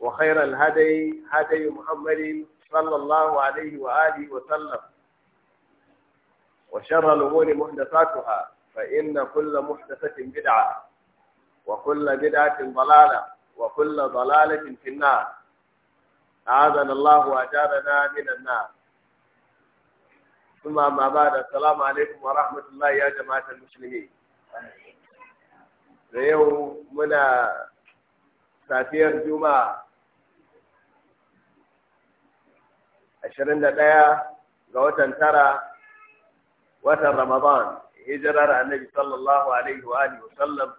وخير الهدي هدي محمد صلى الله عليه وآله وسلم وشر الأمور محدثاتها فإن كل محدثة بدعة وكل بدعة ضلالة وكل ضلالة في النار أعاذنا الله وأجارنا من النار ثم ما بعد السلام عليكم ورحمة الله يا جماعة المسلمين اليوم منا ساتير جمعه ashirin da ɗaya ga watan tara watan Ramadan hijirar annabi sallallahu alaihi wa alihi wasallam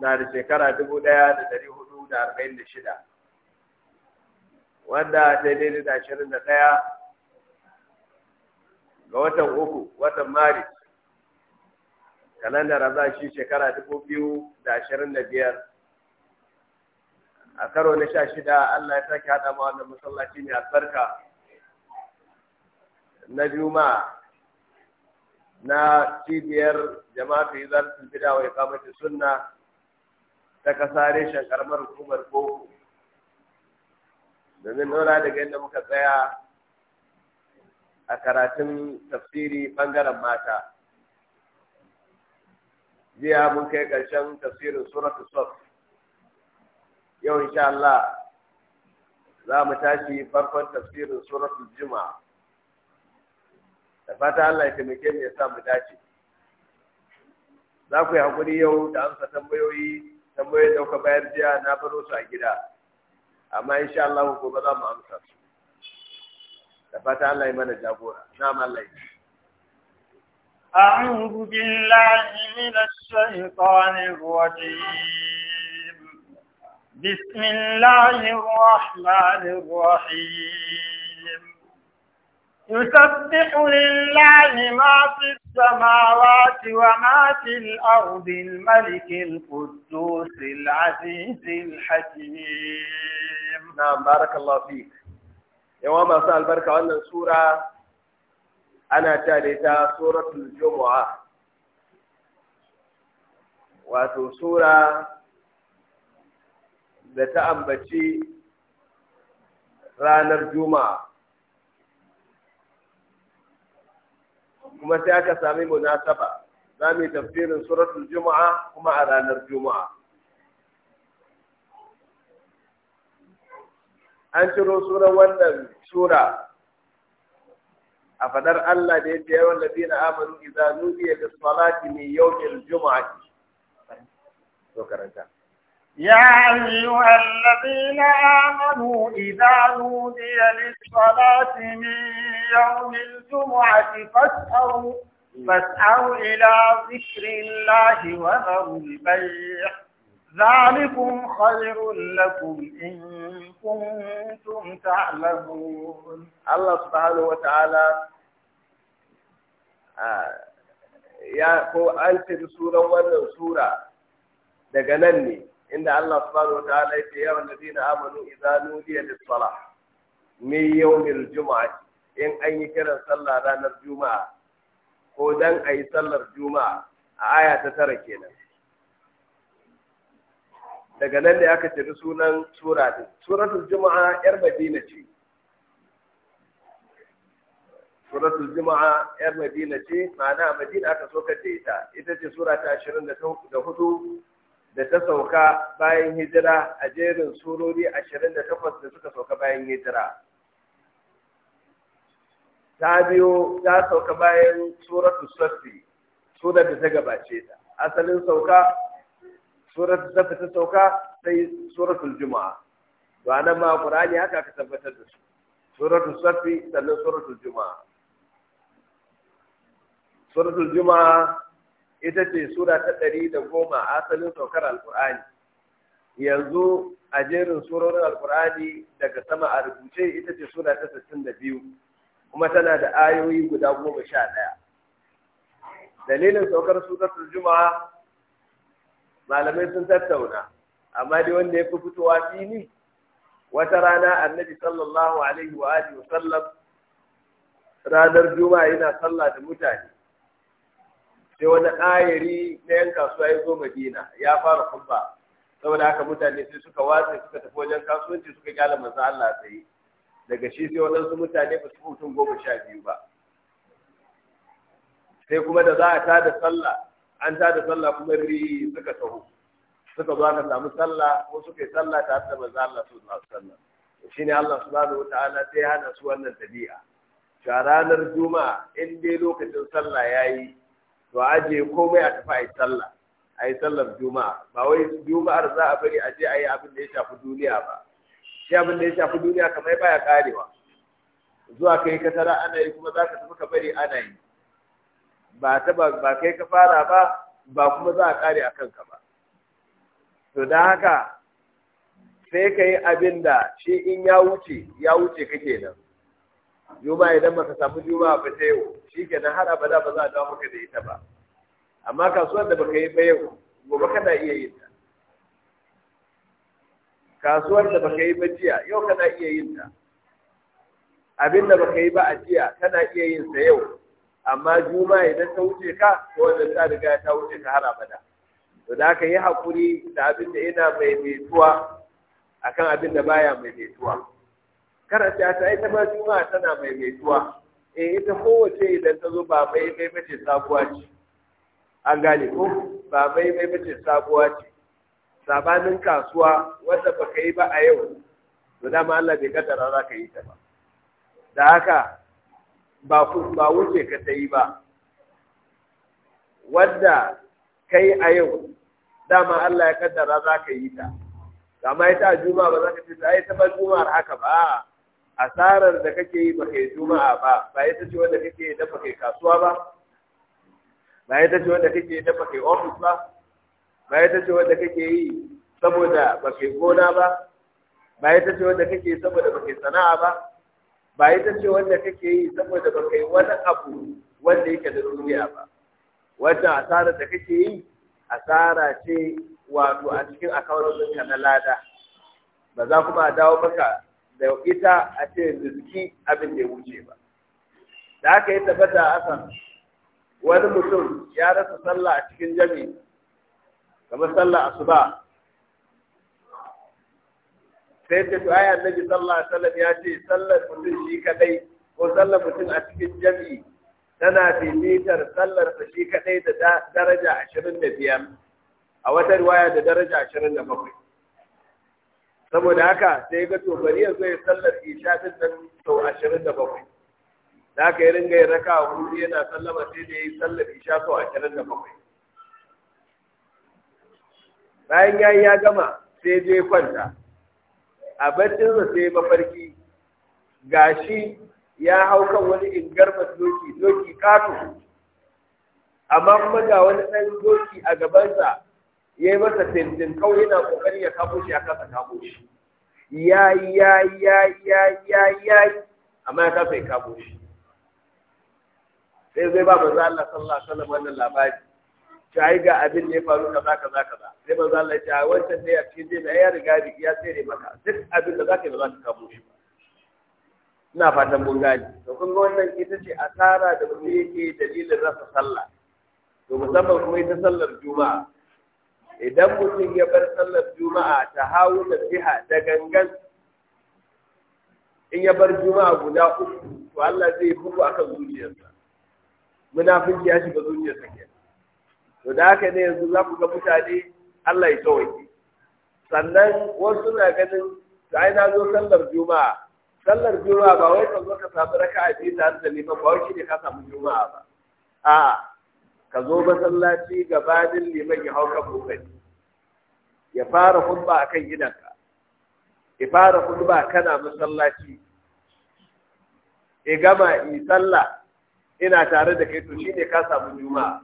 na da shekara dubu ɗaya da ɗari hudu da arba'in da shida wanda ta daidai da ashirin da ɗaya ga watan uku watan maris kalandar za shi shekara dubu biyu da ashirin da biyar a karo na sha shida Allah ya sake hada ma wannan masallaci mai albarka na juma na cibiyar jama'a fi zarfin gida wa ikamati sunna ta kasa reshen karamar hukumar boko domin nuna daga yadda muka tsaya a karatun tafsiri bangaren mata jiya mun kai ƙarshen tafsirin suratul sof yau insha Allah za mu tashi farkon tafsirin suratul juma da fata Allah ya taimake mu ya sa mu dace za ku yi hakuri yau da amsa tambayoyi tambayoyin dauka bayar jiya na baro su a gida amma insha Allah gobe za mu amsa su da fata Allah ya mana jagora na'am Allah ya أعوذ بالله من الشيطان الرجيم بسم الله الرحمن الرحيم يسبح لله ما في السماوات وما في الأرض الملك القدوس العزيز الحكيم نعم بارك الله فيك يوم أصال البركة عنا سورة أنا تالتا سورة الجمعة وسورة da ta ambaci ranar juma'a kuma sai aka sami munasaba za mu yi tafsirin suratul juma'a kuma a ranar juma'a an ciro suran wannan sura a fadar Allah da ya ce yawan labina amanu idza nudiya lis salati min yawmil jum'ati juma'a karanta يا أيها الذين آمنوا إذا نودي للصلاة من يوم الجمعة فاسعوا فاسعوا إلى ذكر الله وذروا البيع ذلكم خير لكم إن كنتم تعلمون الله سبحانه وتعالى آه، يا ya ko an ولا da sunan inda Allah subhanahu wa ta'ala ya ce yawan ladina amanu izanu nudiya lis salah yau mil jumu'ah in an yi kiran sallah ranar juma'a ko don a yi sallar juma'a a ayata ta tara kenan daga nan ne aka tafi sunan sura din suratul juma'a yar madina ce suratul juma'a yar madina ce ma'ana madina aka soka da ita ita ce sura ta hudu. da ta sauka bayan hijira a jerin surori ashirin da suka sauka bayan hijira ta biyo ta sauka bayan suratu safi surar da ta gabace ta asalin sauka suratu safi ta sauka sai suratu juma'a ba nan ma qur'ani haka ka tabbatar da su suratu safi sannan suratu juma'a Suratu juma'a ita ce sura ta ɗari da goma a asalin saukar alkur'ani yanzu a jerin surorin alkur'ani daga sama a rubuce ita ce sura ta sittin da biyu kuma tana da ayoyi guda goma sha ɗaya dalilin saukar suratul juma'a malamai sun tattauna amma dai wanda ya fi fitowa sini. wata rana annabi sallallahu alaihi wa wa sallam ranar juma'a yana sallah da mutane sai wani ayari na yan kasuwa ya zo madina ya fara kumba saboda haka mutane sai suka watsa suka tafi wajen kasuwanci suka gyara manzo Allah sai daga shi sai waɗansu mutane ba su mutum goma sha biyu ba sai kuma da za a da sallah an da sallah kuma ri suka taho suka zo aka samu sallah ko suka yi sallah ta da manzo Allah su zuwa sallah ne Allah subhanahu wataala sai ya hana su wannan tabi'a a ranar juma'a in dai lokacin sallah yayi to aje komai a tafi a yi sallah a yi sallar juma'a ba wai juma'ar za a bari a je a yi abin da ya shafi duniya ba shi abin da ya shafi duniya kamar baya karewa zuwa kai ka tara ana yi kuma za ka tafi ka bari ana yi ba ta ba kai ka fara ba ba kuma za a kare a kanka ba to don haka sai ka yi abin da shi in ya wuce ya wuce kake nan juma'a idan baka samu juma'a ba ta yau shikenan har abada ba za a dawo maka da ita ba amma kasuwar da baka yi ba yau gobe kana iya yin ta kasuwar da baka yi ba jiya yau kana iya yin ta abin da baka yi ba a jiya kana iya yin sa yau amma juma'a idan ta wuce ka ko wanda ta riga ta wuce ka har abada to da aka yi hakuri da abin da yana mai metuwa akan abin da baya mai metuwa karanta ta ita ma juma'a tana tuwa eh ita kowace idan ta zo ba mai mai mace sabuwa ce an gane ko ba mai mai mace sabuwa ce sabanin kasuwa wanda baka yi ba a yau to dama Allah bai kaddara za ka yi ta ba da haka ba ba wuce ka ta yi ba wanda kai a yau dama Allah ya kaddara za ka yi ta amma ita juma'a ba za ka ce ta yi ta ba juma'ar haka ba asarar da kake yi ba kai juma'a ba ba ita ce wanda kake dafa kai kasuwa ba ba ita ce wanda kake dafa kai ofis ba ba ita ce wanda kake yi saboda ba kai gona ba ba ita ce wanda kake saboda ba kai sana'a ba ba ita ce wanda kake yi saboda ba kai wani abu wanda yake da duniya ba wannan asarar da kake yi asara ce wato a cikin akawar na lada ba za kuma a dawo maka da ita a ce jiki abin da ya wuce ba da aka yi tabbata a asan wani mutum ya rasa sallah a cikin jami kamar sallah ba. sai ce to ayi annabi sallallahu alaihi wasallam ya ce sallar mutum shi kadai ko sallar mutum a cikin jami tana fifitar sallar sa shi kadai da daraja 25 a wata riwaya da daraja 27 saboda haka sai ga to bari ya ya sallar isha din nan sau ashirin da bakwai da haka ya ringa ya raka a hudu yana sallama sai da ya yi sallar isha sau ashirin da bakwai bayan ya ya gama sai je kwanta a barcinsa sai mafarki gashi ya hau kan wani ingarmar doki doki kato amma kuma ga wani ɗan doki a gabansa ya yi masa fintin kawai yana kokari ya kafo shi ya kasa kafo shi ya ya ya ya ya ya amma ya kasa ya kafo shi sai zai ba manzo Allah sallallahu alaihi wasallam wannan labari ta yi ga abin da ya faru kaza kaza kaza sai manzo Allah ya ce a wancan da ya ce zai na ya riga ya tsere maka duk abin da zaka yi ba za ka kafo shi ba ina fatan mun gani to kun ga wannan ita ce asara da mu yake dalilin rasa sallah to musamman kuma ita sallar juma'a idan mutum ya bar sallar juma'a ta hawo jiha da gangan in ya bar juma'a guda uku to Allah zai bugu akan zuciyarsa munafinci ya shiga zuciyarsa ke. to da haka ne yanzu za ku ga mutane Allah ya tsawaki sannan wasu na ganin da ai na zo sallar juma'a sallar juma'a ba wai ka zo ka samu raka'a biyu tare da liman ba wai shi ne ka samu juma'a ba a'a ka zo masallaci gabanin liman ya hauka kokari ya fara hudba akan gidanka ya fara hudba kana masallaci ya gama yi sallah ina tare da kai to shine ka samu juma'a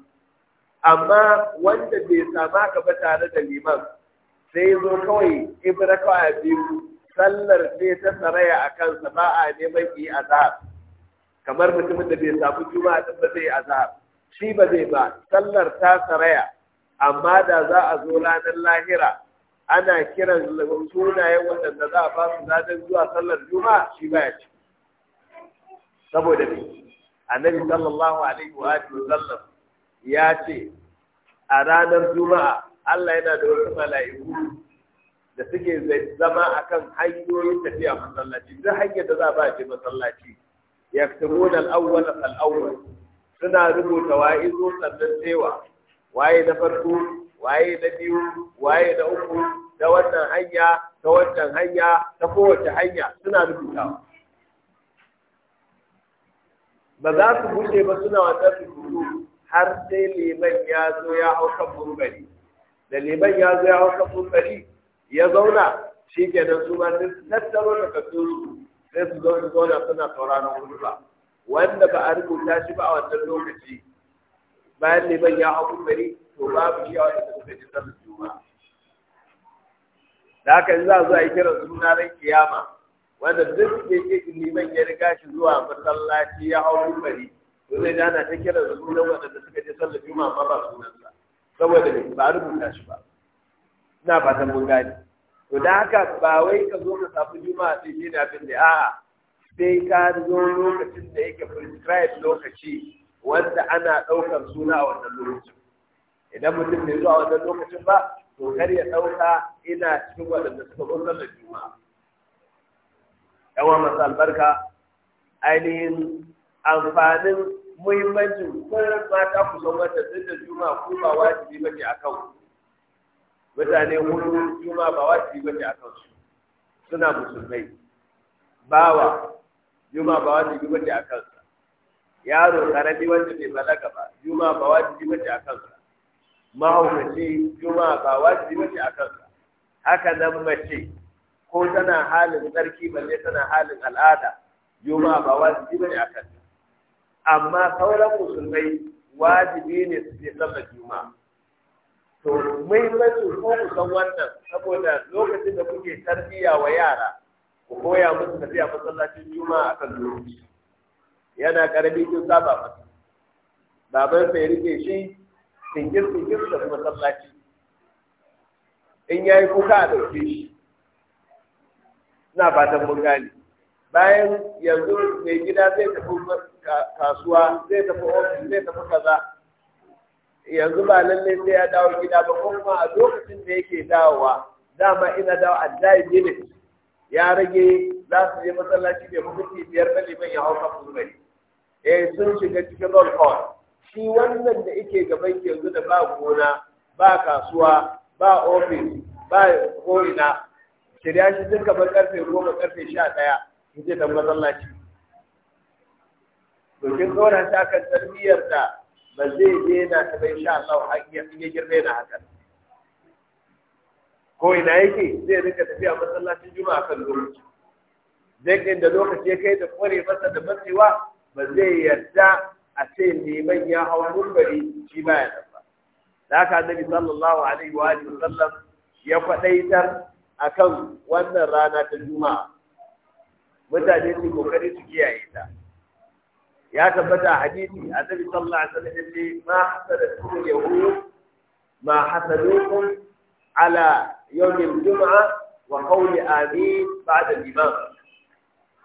amma wanda bai sama ka ba tare da liman sai zo kawai ibra a biyu sallar sai ta saraya a kansa ba a neman yi azhar kamar mutumin da bai samu juma'a din ba zai azhar shi ba zai ba sallar ta saraya amma da za a zo ranar lahira ana kiran sunayen waɗanda za a ba su zaɗin zuwa sallar juma'a shi ba ya ci saboda ne annabi sallallahu alaihi wa alihi sallam ya ce a ranar juma'a Allah yana da wasu mala'iku da suke zama a kan hanyoyin tafiya masallaci duk hanyar da za a ba shi masallaci yaktubuna al-awwal fal-awwal suna rubuta zo sannan cewa waye na farko waye na biyu waye na uku ta wannan hanya ta wannan hanya ta kowace hanya suna rubutawa ba za su bushe ba suna wannan rubutu har sai liman ya zo ya hau kan burbari da liman ya zo ya hau kan burbari ya zauna shi kenan su ma su tattaro da kasu sai su zauna suna sauraron hulba wanda ba a rubuta shi ba a wannan lokaci bayan ne ban ya hau bari to babu shi a wannan suka ji sallar juma'a da haka in za zuwa a yi kiran suna ran kiyama wanda duk da yake ban ya riga shi zuwa masallaci ya hau bari to zai dana ta kiran sunan waɗanda suka je sallar juma'a amma ba sunansa saboda ba a rubuta shi ba ina fatan mun gani to da haka ba wai ka zo ka samu juma'a sai shi ne abin da a'a sai ka zo lokacin da yake prescribe lokaci wanda ana ɗaukar suna a wannan lokacin idan mutum bai zuwa wannan lokacin ba to kar ya ɗauka ina cikin waɗanda suka zo sallar juma'a yawan masu albarka ainihin amfanin muhimmancin kullum mata ku san wata sallar juma'a ko ba wajibi ke a kan mutane hudu juma'a ba wajibi ke a kan su suna musulmai bawa juma ba wajibi bace a kansa yaro karami wanda bai balaga ba juma ba wajibi bace a kansa mahaukaci juma ba wajibi bace a kansa haka nan mace ko tana halin tsarki balle tana halin al'ada juma ba wajibi bace a kansa amma sauran musulmai wajibi ne su je sallar juma'a to muhimmancin ko san wannan saboda lokacin da kuke tarbiyya wa yara ku koya musu tafiya masallacin juma'a a kan yana karami kin saba masa baban sai rike shi tinkir tinkir da masallaci in yayi kuka a dauke shi ina fatan mun gane bayan yanzu mai gida zai tafi kasuwa zai tafi ofis zai tafi kaza yanzu ba lalle sai ya dawo gida ba kuma a lokacin da yake dawowa dama ina dawo a daidai ne ya rage za su je masallaci da mutunci biyar na liman ya hau kafin mai eh sun shiga cikin roll call shi wannan da yake gaban yanzu da ba gona ba kasuwa ba ofis ba ko'ina shirya shi duka ba karfe goma karfe sha ɗaya in je da masallaci dokin kaura ta kan tarbiyyar da ba zai je na ta bai sha Allah har ya girme na hakan ko ina yake zai rinka tafiya masallacin juma'a kan lokaci zai da lokaci ya kai da kware masa da matsewa ba zai yarda a ce neman ya hau mulbari shi ba ya ba da haka annabi sallallahu alaihi wa alihi sallam ya faɗaitar akan wannan rana ta juma'a mutane su kokari su kiyaye ta ya tabbata a hadisi annabi sallallahu alaihi wasallam yace ma hasadatu yahud ma hasadukum ala يوم الجمعة وقول آمين بعد الإمام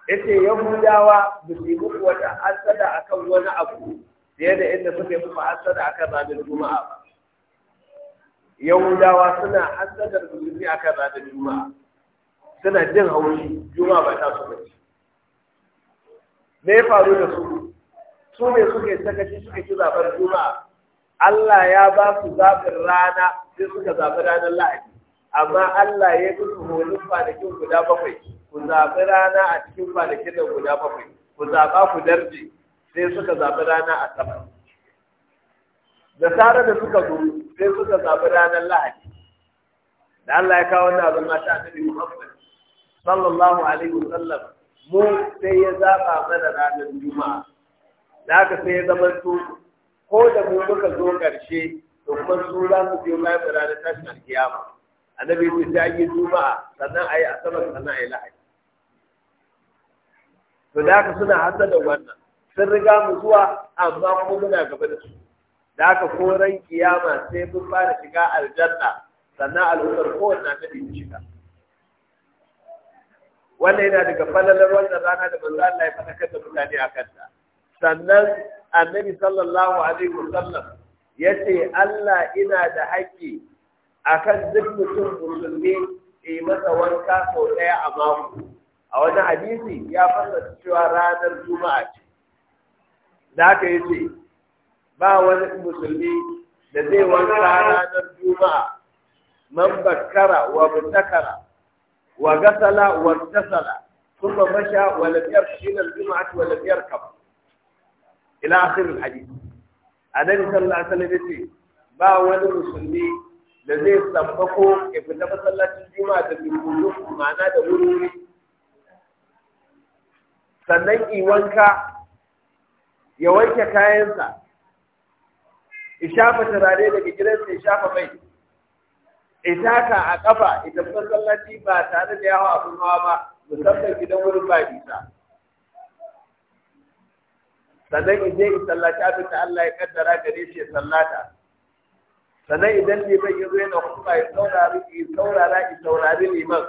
yace yahudawa ba su وتأسد wata hasada لأن wani abu fiye da inda suka yi muku سنة أسد ranar juma'a الجمعة yahudawa suna hasadar جمعة بعد الجمعة juma'a suna jin haushi juma'a ba ta su me ya faru da su su ne suke sakaci suke ci zaɓar juma'a Allah ya ba su zaɓin rana sai suka zaɓi ranar lahadi amma Allah ya yi honin kwanakin guda bakwai ku zaɓi rana a cikin kwanakin da guda bakwai ku zaɓa ku darje sai suka zaɓi rana a sama da tare da suka zo sai suka zaɓi ranar lahadi da Allah ya kawo wannan abin mata a annabi Muhammad sallallahu alaihi wasallam mu sai ya zaɓa mana ranar juma'a da haka sai ya zama to ko da mu muka zo ƙarshe to kuma su za su biyo bayan ranar tashin alkiyama annabi ya ce sai an yi juma'a sannan a yi asabar sannan a yi lahadi to da haka suna da wannan sun riga mu zuwa amma kuma muna gaba da su da haka ko ran kiyama sai mun fara shiga aljanna sannan al'ummar kowanne annabi ya shiga wannan yana daga falalar wannan rana da manzo Allah ya fara da mutane a kanta sannan annabi sallallahu alaihi wasallam ya ce Allah ina da haƙƙi akan duk mutum musulmi yi masa wanka sau ɗaya a mako a wani hadisi ya fasa cewa ranar juma'a ce da aka yi ce ba wani musulmi da zai wanka ranar juma'a man bakkara wa mutakara wa gasala wa tasala kuma masha wa lafiyar shinar juma'a wa lafiyar kafa ila akhirin hadisi nan sallallahu alaihi wasallam ce ba wani musulmi da zai ko ya fita masallacin juma'a da rubutu ma'ana da wuri sannan i wanka ya wanke kayansa ya shafa turare daga gidansa ya shafa mai itaka a kafa ita masallaci ba tare da yawa abin hawa ba musamman gidan wurin ba bisa sannan in je in sallaci abin da Allah ya kaddara gare shi ya sallata sannan idan liman ya zo yana kuma ya saurari ya saurara ya saurari liman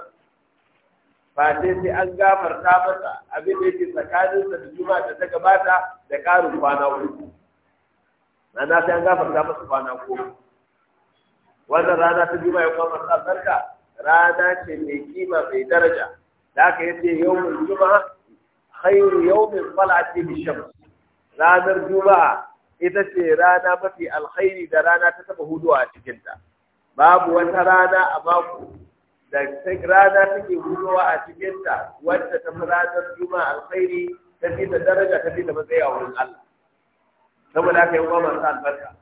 ba sai sai an gafarta masa abin da yake sa da juma da ta gabata da ƙarin kwana uku na sai an gafarta masa kwana uku wannan rana ta juma ya kuma sa barka rana ce mai kima mai daraja da aka yi ce yau mai juma khairu yau mai falati bisham ranar juma'a ita ce rana mafi alkhairi da rana ta taba hudu a cikinta babu wata rana a mako da rana take huduwa a cikinta wadda ta fi ranar juma'a alkhairi ta fi da daraja ta fi da matsayi a wurin Allah saboda haka yi wa masu albarka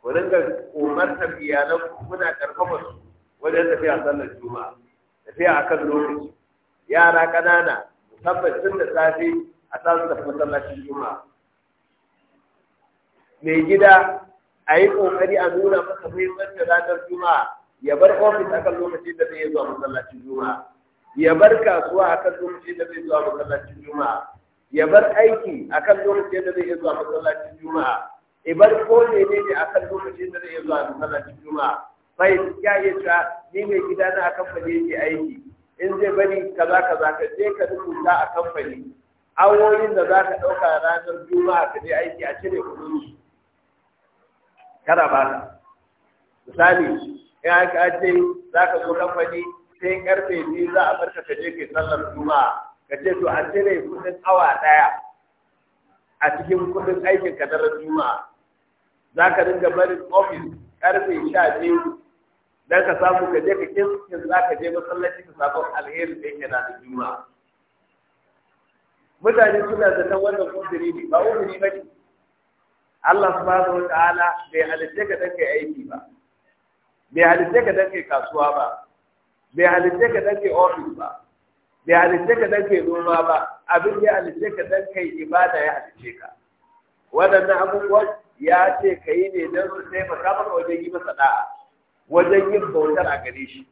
ku ringa umartar iyalan muna karfafa su wajen tafiya sallar juma'a tafiya akan lokaci yara ƙanana musamman tun da safe a sa su tafi masallacin juma'a mai gida a yi ƙoƙari a nuna masa muhimmancin ranar juma'a ya bar ofis a kan lokacin da zai zuwa masallacin juma'a ya bar kasuwa a kan lokacin da zai zuwa masallacin juma'a ya bar aiki a kan lokacin da zai zuwa masallacin juma'a ya bar ko ne ne a kan lokacin da zai zuwa masallacin juma'a bai ya yi ta ni mai gida na a kamfani ne aiki in zai bari kaza kaza ka je ka rubuta a kamfani awoyin da za ka ɗauka ranar juma'a ka je aiki a cire kuɗin su kada ba ta misali ya ka ce za ka zo kamfani sai karfe ne za a barka ka je kai sallar juma'a ka ce to an cire kudin awa daya a cikin kudin aikin ka na juma'a za ka dinga barin ofis karfe sha biyu dan ka samu ka je ka kinsin za ka je masallaci ka samu alheri da yake na da juma'a mutane suna zaton wannan kudiri ne ba kudiri ba ne Allah subhanahu wata'ala bai halitta ka dan kai aiki ba bai halitta ka dan kai kasuwa ba bai halitta ka dan kai office ba bai halitta ka dan kai noma ba abin ya halitta ka dan kai ibada ya halitta ka Wadannan abubuwan ya ce ka yi ne don su taimaka maka wajen yi masa da'a wajen yin bautar a gare shi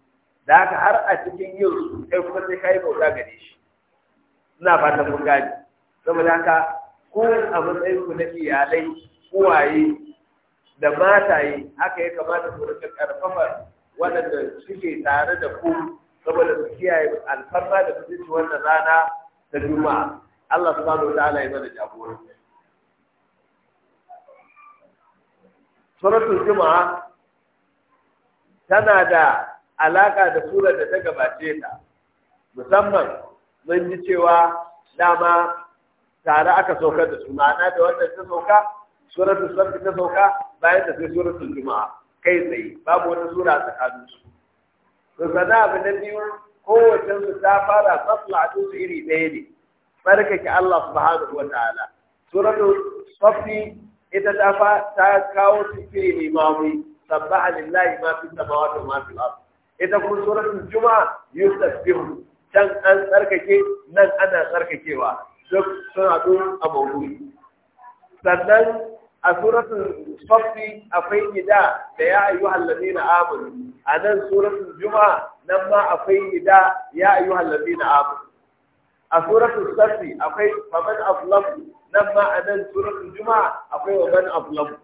da haka har a cikin yin su kai kuma sai ka yi bauta gare shi ina fatan mun gane saboda haka ko a matsayin ku na iyalai uwaye da mataye aka yi kamata su rika karfafa waɗanda suke tare da ku saboda su kiyaye alfarma da su wannan rana ta juma'a Allah bada wa ta'ala yi mana jagora suratul juma'a tana da alaƙa da surar da ta gabace ta musamman mun ji cewa dama tare aka saukar da su ma'ana da wannan ta sauka suratul sabt ta sauka bayan da sai suratul juma'a kai tsaye babu wata sura a tsakanin su to sana abu na biyu kowace su ta fara tsafla su iri ɗaya ne tsarkake Allah subhanahu wa ta'ala suratul sabt ita ta fa ta kawo sifiri ne mawi sabbaha lillahi ma fi samawati wa ma fil ard ita kuma suratul juma'a yusabbihu can an tsarkake nan ana tsarkakewa duk suna a mawuri sannan a suratun safi akwai nida da ya ayyuhal na amanu a nan suratun juma'a nan ma akwai nida ya ayyuhal na amanu a suratul safi akwai faman Aflam nan ma a nan suratul juma'a akwai faman Aflam.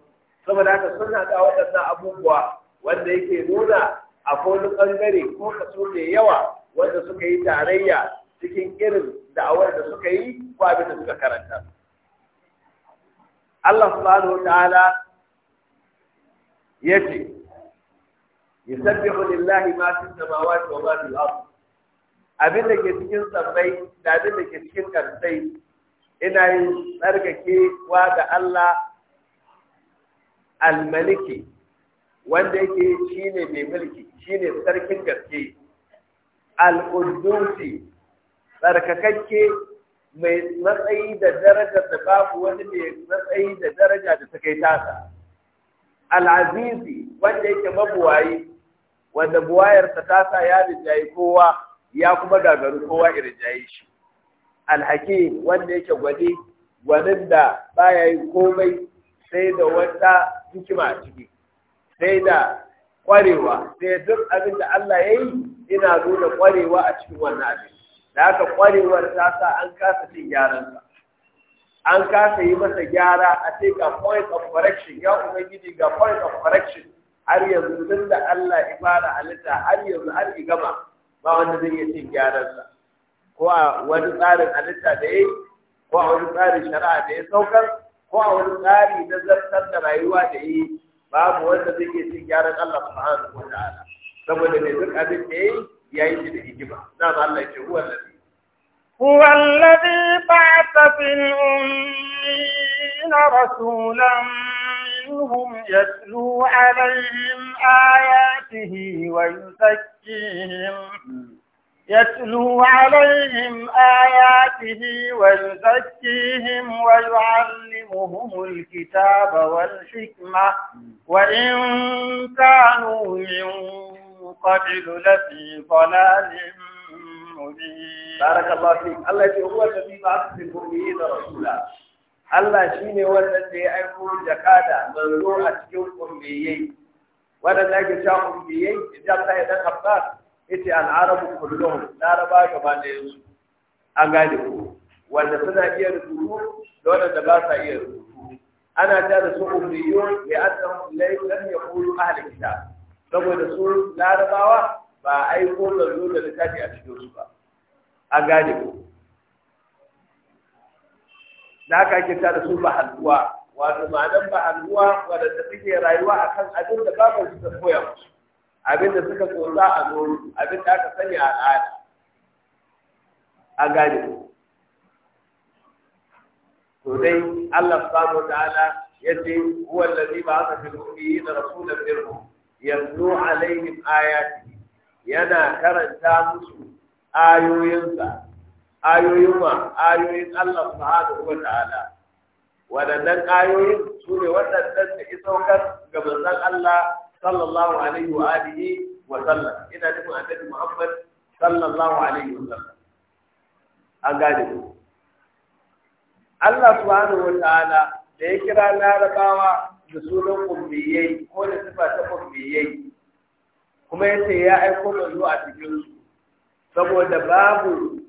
saboda haka sun haɗa waɗannan abubuwa wanda yake nuna a wani ɓangare ko kaso mai yawa wanda suka yi tarayya cikin irin da'awar da suka yi ko abin da suka karanta. Allah subhanahu wa ta'ala ya ce lillahi ma fi samawati wa ma wa al-ard abin da ke cikin sabbai da abin da ke cikin karsai ina yin wa ga Allah almaliki wanda yake ne mai mulki shine sarkin gaske al tsarkakakke mai matsayi da darajar da babu wani mai matsayi da daraja da ta kai tasa al'azizi wanda yake mabuwayi wanda buwayarsa tasa ya rijayi kowa ya kuma gagaru kowa ya rijayi shi alhaki wanda yake gwani gwanin da baya yi komai sai da wata hikima a ciki sai da kwarewa sai duk abin da Allah ya yi ina nuna kwarewa a cikin wannan abin da aka kwarewar ta sa an kasa cin gyaransa an kasa yi masa gyara a ce ga point of correction ya ubangiji ga point of correction har yanzu tun da Allah ya fara halitta har yanzu har ki gama ba wanda zai iya cin gyaransa ko a wani tsarin halitta da ya ko a wani tsarin shari'a da ya saukar ko a wani tsari na zartar da rayuwa da yi babu wanda zai iya cin gyaran Allah subhanahu wa ta'ala saboda ne duk abin da yayi yayi shi da hikima na Allah ya ce huwa هو الذي بعث في الأمين رسولا منهم يتلو عليهم آياته ويزكيهم يتلو عليهم آياته ويزكيهم ويعلمهم الكتاب والحكمة وإن كانوا من قبل لفي ضلال مبين بارك الله فيك الله هو الذي بعث في الأميين Allah shi ne wannan da ya aiko jakada manzo a cikin ummiyai wannan da ke cewa ummiyai idan Allah ya dan Abbas yace al-arabu kulluhum laraba gaba da yanzu. an gane ko wanda suna iya rubutu da wanda ba sa iya rubutu ana ta da su ummiyun ya annahum lam yakulu ahli kitab saboda su larabawa ba a yi kolar da littafi a cikin su ba a gane ku Na aka ake da su ba hannuwa. wato ma'anar ba halwa wadanda suke rayuwa akan abin da babu su ta koya musu abin da suka tsotsa a nuru abin da aka sani a al'ada a gane ku to dai Allah subhanahu ta'ala yace huwa allazi ba'atha fil ummiyina rasulan minhum yatlu alaihim ayatihi yana karanta musu ayoyinsa ayoyin ma ayoyin Allah subhanahu wa ta'ala waɗannan ayoyin su ne waɗannan da isaukar ga manzon Allah sallallahu alaihi wa alihi wa sallam ina nufin annabi Muhammad sallallahu alaihi wa sallam an gane ku Allah subhanahu wa ta'ala da ya kira larabawa da sunan ummiyai ko da sifa ta ummiyai kuma yace ya aiko manzo a cikin su saboda babu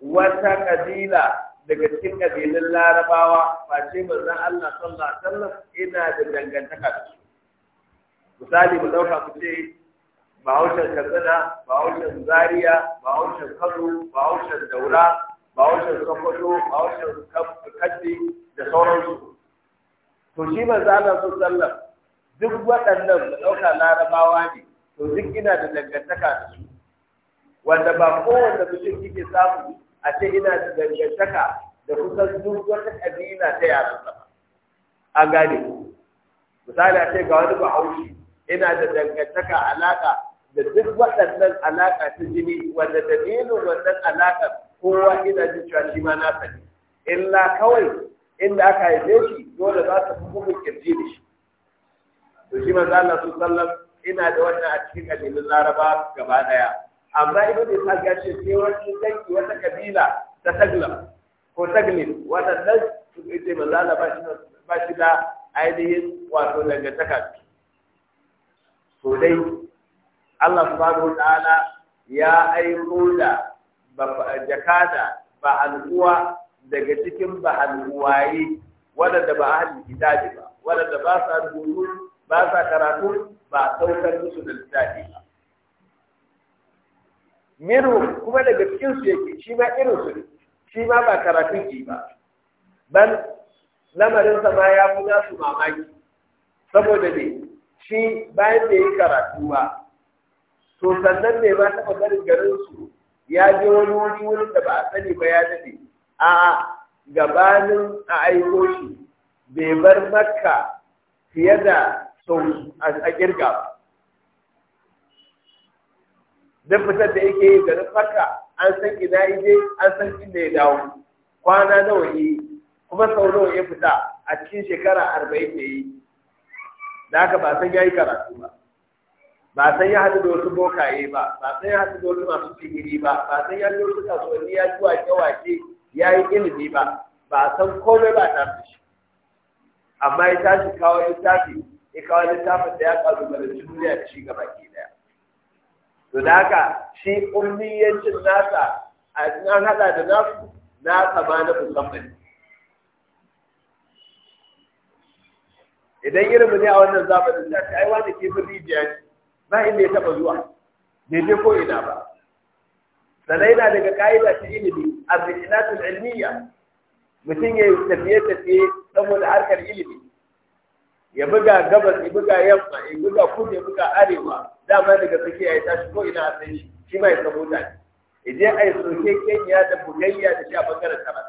wata kabila daga cikin kabilun larabawa ba ce manzon Allah sallallahu alaihi wasallam ina da dangantaka da su misali mu dauka ku ce bahaushen katsina bahaushen zaria bahaushen kano bahaushen daura bahaushen sokoto bahaushen kaddi da sauransu to shi manzon Allah sallallahu alaihi wasallam duk waɗannan da ɗauka larabawa ne to duk ina da dangantaka da su wanda ba kowanne mutum yake samu a ce ina da dangantaka da kusan duk wata ƙabila ta yaran sa an gane misali a ce ga wani bahaushe ina da dangantaka alaƙa da duk waɗannan alaƙa ta jini wanda dalilin wannan alaƙar kowa ina jin cewa shi ma na sani illa kawai inda aka haife shi dole za su fi kuma kirji da shi to shi manzo Allah su sallam ina da wannan a cikin kabilun Laraba gaba daya amma ibn Ishaq ga shi sai wani danki wata kabila ta Taglam ko wata wadannan su ce manzo Allah ba shi ba shi da ainihin wato dangantaka to dai Allah subhanahu wa ta'ala ya aiko da jakada ba al'uwa daga cikin ba al'uwaye waɗanda ba ahli kitabi ba wadanda ba sa rubutu ba sa karatu ba saukar musu da littafi ba kuma daga cikin su yake shi ma irin su shi ma ba karatun ke ba ban lamarin sa ma ya fi nasu mamaki saboda ne shi bayan da yi karatu ba to sannan ne ba taɓa garin garin su ya je wani wani wurin da ba a sani ba ya daɗe a gabanin a aiko shi bai bar makka fiye da sau a don fitar da yake yi garin farka an san ina je, an san inda ya dawo kwana nawa yi kuma sau nawa ya fita a cikin shekara arba'in da yi da haka ba san ya yi karatu ba ba san ya haɗu da wasu bokaye ba ba san ya haɗu da wasu masu sihiri ba ba san ya haɗu da kasuwanni ya zuwa wake-wake ya yi ilimi ba ba san komai ba ta shi amma ya tashi kawo tafi. ya kawo littafin da ya kalubalanci duniya da shi gaba ke daya to da haka shi ummiyancin nasa a an hada da nasu nasa ma na musamman idan irin ne a wannan zamanin da ta aiwa da kifin rijiya ne ba inda ya taba zuwa bai je ko ina ba Sanai na daga ka'ida ta ilimi a rikinatul ilmiya mutum ya tafiye-tafiye saboda harkar ilimi ya buga gabas ya buga yamma ya buga kudu ya buga arewa dama daga tsakiya ya tashi ko ina a shi shi ma ya san mutane idan ai soke kenya da bugayya da sha bangaren tara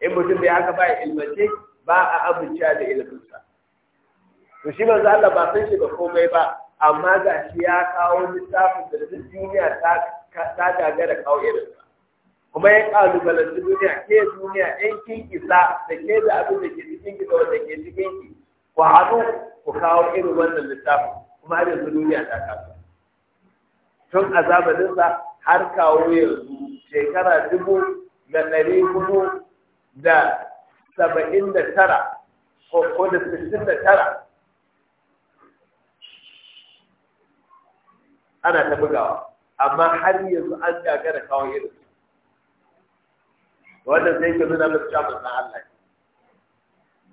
in mutum da haka ba ya ilmace ba a abincin da ilminsa to shi manzo Allah ba san shi da komai ba amma ga shi ya kawo littafin da duk duniya ta gagara kawo irin sa kuma ya kalubalanci duniya ke duniya in kin isa da ke da abin da ke cikin ki da wanda ke cikin ki ku haɗu ku kawo irin wannan littafin kuma har yanzu duniya ta kasu tun a har kawo yanzu shekara dubu da ɗari hudu da saba'in da tara ko da sittin da tara ana ta bugawa amma har yanzu an gagara kawo irin wannan zai ke nuna musu cewa Allah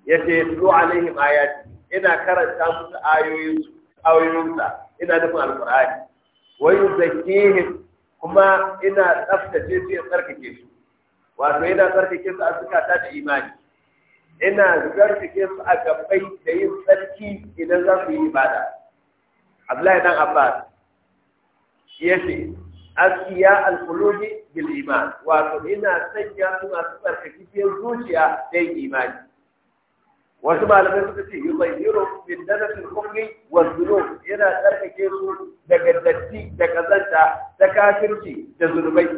yace tulu alaihim ayati ina karanta musu ayoyin ayoyinsa ina nufin alqur'ani wa yuzakkihim kuma ina tsaftace su ya tsarkake su wato ina tsarkake su a zukata da imani ina tsarkake su a gabai da yin tsarki idan za su yi ibada Abdullahi dan Abbas yace asiya alqulubi bil iman wato ina sanya su masu tsarkake zuciya da imani wasu malamai suka ce yubayyiru min darasil kumni wa zuro yana tsarkake su daga datti da kazanta da kafirci da zunubai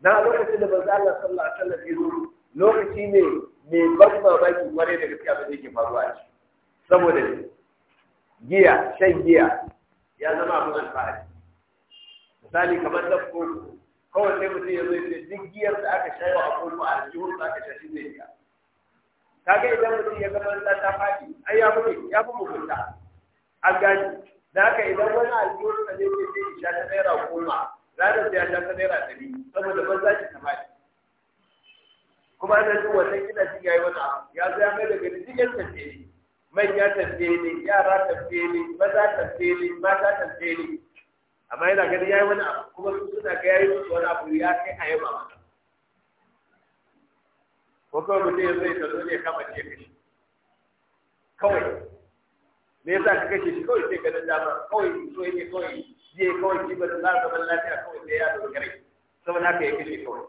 na lokacin da manzo Allah sallallahu alaihi wasallam ya zo lokaci ne mai ban mamaki ware da gaskiya ba zai ke faruwa a ciki saboda giya shan giya ya zama abin alfahari misali kamar da koko kawai sai mutum ya zo ya ce duk giyar da aka shaiwa a kofa a jihun da aka sha zai biya kage idan mutum ya ga ɗan ɗan faɗi ai ya fi ya fi mugunta an gani da haka idan wani alƙawarin da zai ce sai sha ta naira goma ranar sai ya sha ta naira ɗari saboda ban za ki ta faɗi kuma ana jin wannan gina shi ya yi wani abu ya zo ya mai da gari duk yan tafiye ne manya tafiye ne yara tafiye ne maza tafiye ne mata tafiye ne amma yana ganin ya yi wani abu kuma su suna ga ya yi wani abu ya kai a yaba masa ko kawai mutum ya zai tazo ne kama ce kashi kawai me yasa ka kashe shi kawai sai ganin dama kawai so yake kawai je kawai shi ba za zaman lafiya kawai sai ya zo da gare saboda haka ya kashe kawai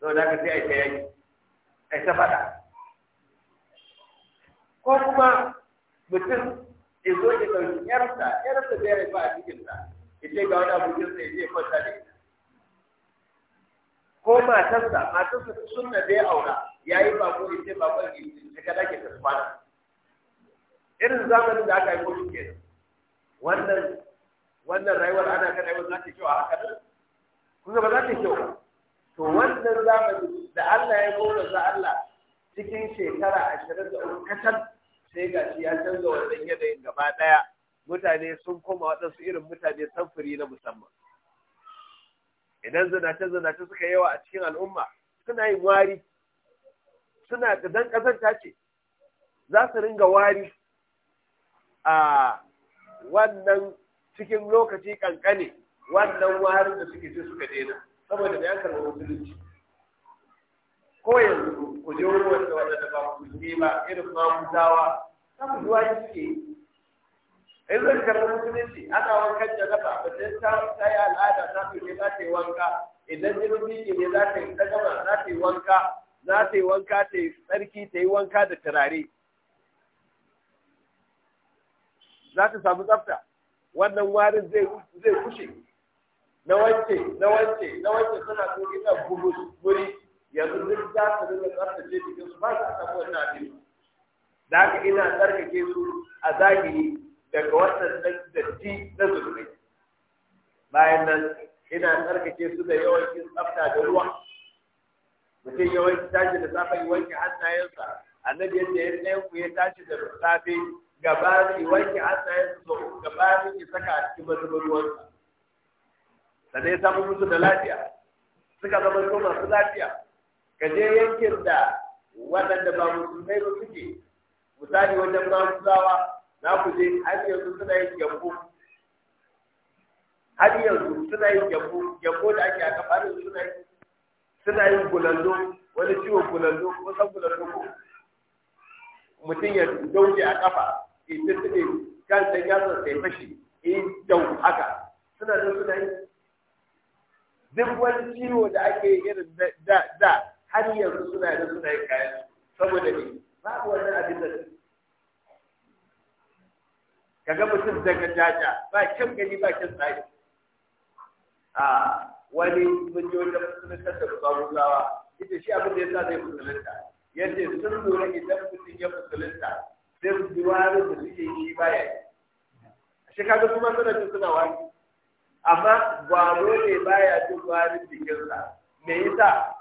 saboda haka sai a ta yaki a ta fada ko kuma mutum ya zo ya ɗauki yarsa yarsa zai ya ba a cikinsa ya ce ga wani abu abokinsa ya je kwanta da ko matarsa matarsa ta sunna bai ya aura ya yi babu ya ce bakon ne da kada ke tasfana irin zamanin da aka yi mutu ke wannan wannan rayuwar ana kan rayuwar za ta kyau a haka nan kuma ba za ta kyau ba to wannan zamanin da Allah ya yi za Allah cikin shekara ashirin da uku kasar sai ga shi ya canza wannan yanayin gaba ɗaya mutane sun koma waɗansu irin mutane samfuri na musamman idan zinace-zinace suka yawa a cikin al'umma suna yin wari suna dan ta ce za su ringa wari a wannan cikin lokaci kankane wannan warin da suke ce suka daina saboda bayan karɓar musulunci ko yanzu ku je wurin wanda wanda ba ku ba irin mamudawa kan zuwa suke yi in zan karɓi musulunci ana wankan janaba mutum ta ta yi al'ada ta fi ne za ta yi wanka idan jinin biki ne za ta yi tagama za ta yi wanka za ta yi wanka ta yi tsarki ta yi wanka da turare za ta samu tsafta wannan warin zai kushe na wanke na wance na wance suna so ina guri yanzu duk za ta rinka tsaftace jikinsu ba za ta samu wannan abin da haka ina tsarkake su a zahiri daga wannan datti na zunubai bayan nan ina tsarkake su da yawancin tsafta da ruwa mutum yawanci tashi da safe ya wanke hannayensa annabi yadda ya tsaye ku ya tashi da safe gabanin ya wanke hannayensa so gabanin ya saka a cikin mazubin ruwansa sannan ya samu musu da lafiya suka zama su masu lafiya ka je yankin da waɗanda ba musulmai ba suke misali wajen mamusawa Na ku je har yanzu suna yin gyambo har yanzu suna yin gyambo gyambo da ake a kafarin suna yin suna yin gulando wani ciwon gulando san gulando ko mutum ya dauke a kafa ya tuntube kan san ya san sai fashi in dau haka suna da suna yi duk wani ciwo da ake irin da da har yanzu suna da suna yin kayan saboda ne babu wannan abin da kaga mutum daga jaja ba kyan gani ba kyan tsari a wani mun ji wata musulunta da babulawa ita shi abin da ya sa zai musulunta yadda sun lura idan mutum ya musulunta sai su ji da da suke yi ya yi shi kaga kuma suna jin suna wani amma gwaro ne baya jin wani jikinsa me yasa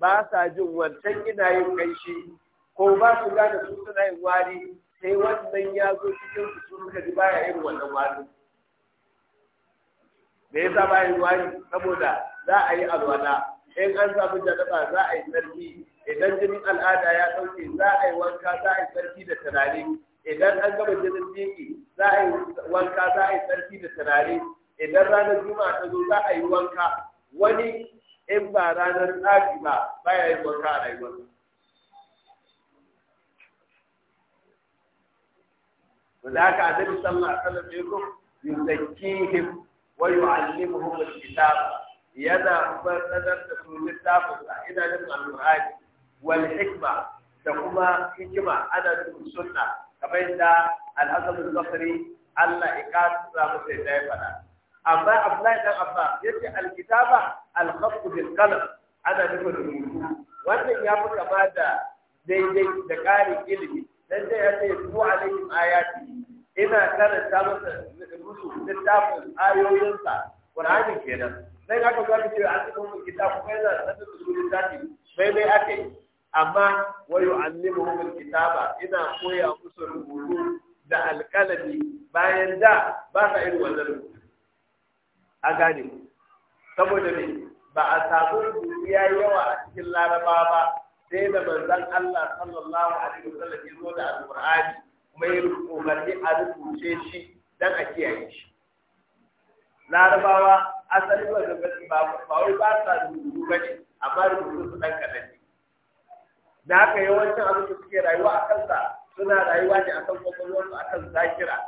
ba sa jin wancan ina yin kai shi ko ba su gane su suna yin wari sai wannan ya zo cikin su sun kaji baya irin wannan wani me yasa ba yin wani saboda za a yi alwala in an samu jaraba za a yi sarki idan jinin al'ada ya ɗauke za a yi wanka za a yi sarki da tunani idan an gama jinin jiki za a yi wanka za a yi sarki da tunani idan ranar juma'a ta zo za a yi wanka wani in ba ranar tsafi ba baya yin wanka a rayuwarsa ولذلك النبي صلى الله عليه وسلم يقول يزكيهم ويعلمهم الكتاب yana sanar da su littafin sa ina nufin alƙur'ani wal hikma da kuma hikima ana nufin sunna kamar yadda al-hasan al-basri Allah ya kasa masa ya faɗa amma Abdullahi Abba ana nufin rubutu wannan ya fi kama da daidai da ƙarin ilimi dan sai ya ce su alaihim ayati ina karanta masa musu littafin ayoyinsa Qur'anin kenan sai aka ga ce an cikin mu kitabu da na sanin su littafi mai mai ake amma an mu yu'allimuhum ba ina koya musu rubutu da alkalami bayan da ba sa irin wannan rubutu a gane saboda ne ba a samu rubutu ya yawa a cikin laraba ba sai da manzan Allah sallallahu alaihi wasallam ya zo da alqur'ani kuma ya umarni a rubuce shi don a kiyaye shi larabawa asali ba da ba ba wai ba sa rubutu ba ne amma rubutu su ɗan kaɗan ne da haka yawancin abin da suke rayuwa a kansa suna rayuwa ne a su kwakwalwarsu kan zakira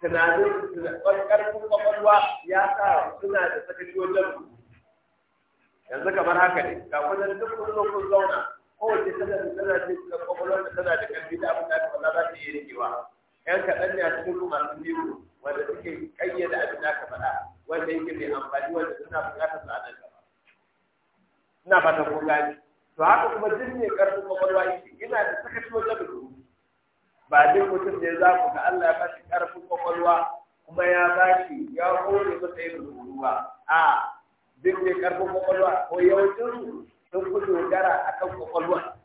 tunanin ƙarfin kwakwalwa ya sa suna da sakaci wajen yanzu kamar haka ne ga kunan duk wani lokacin zauna kowace tana da tana ce da kwakwalwar da tana da karfi da abin da aka faɗa za su iya rikewa yan kaɗan ne a cikin masu biyu wanda suke kayyade abin da aka faɗa wanda yake mai amfani wanda suna buƙatar su a nan gaba ina fatan kun gani to haka kuma duk ne karfin kwakwalwa yake ina da sakaci wajen rubutu ba duk mutum ne za ku ga Allah ya ba shi karfin kwakwalwa kuma ya ba shi ya kore masa yin rubutu ba a duk ne karfin kwakwalwa ko yawancin rubutu sun fi dogara a kan kwakwalwa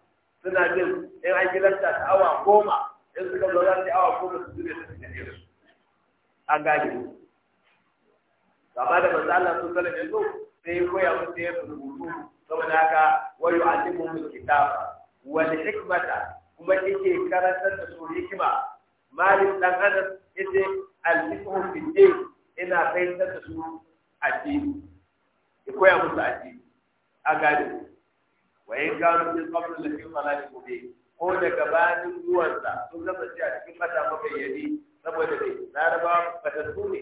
suna jin in an yi lanta ta awa goma in suka zo za awa goma su zube su gaje su an gane amma da manzo Allah sun sanar yanzu sai ya koya musu ya rubutu saboda haka wa yu'allimuhum kitaba Wani hikmata kuma yake karantar da su hikima malik dan anas yace al-fiqhu fi din ina kai da su addini ya koya musu addini a gadi wa in kanu min da la fi dhalalin mubin ko da gabanin ruwansa sun kasance a cikin mata mabayyani saboda dai raba fatattu ne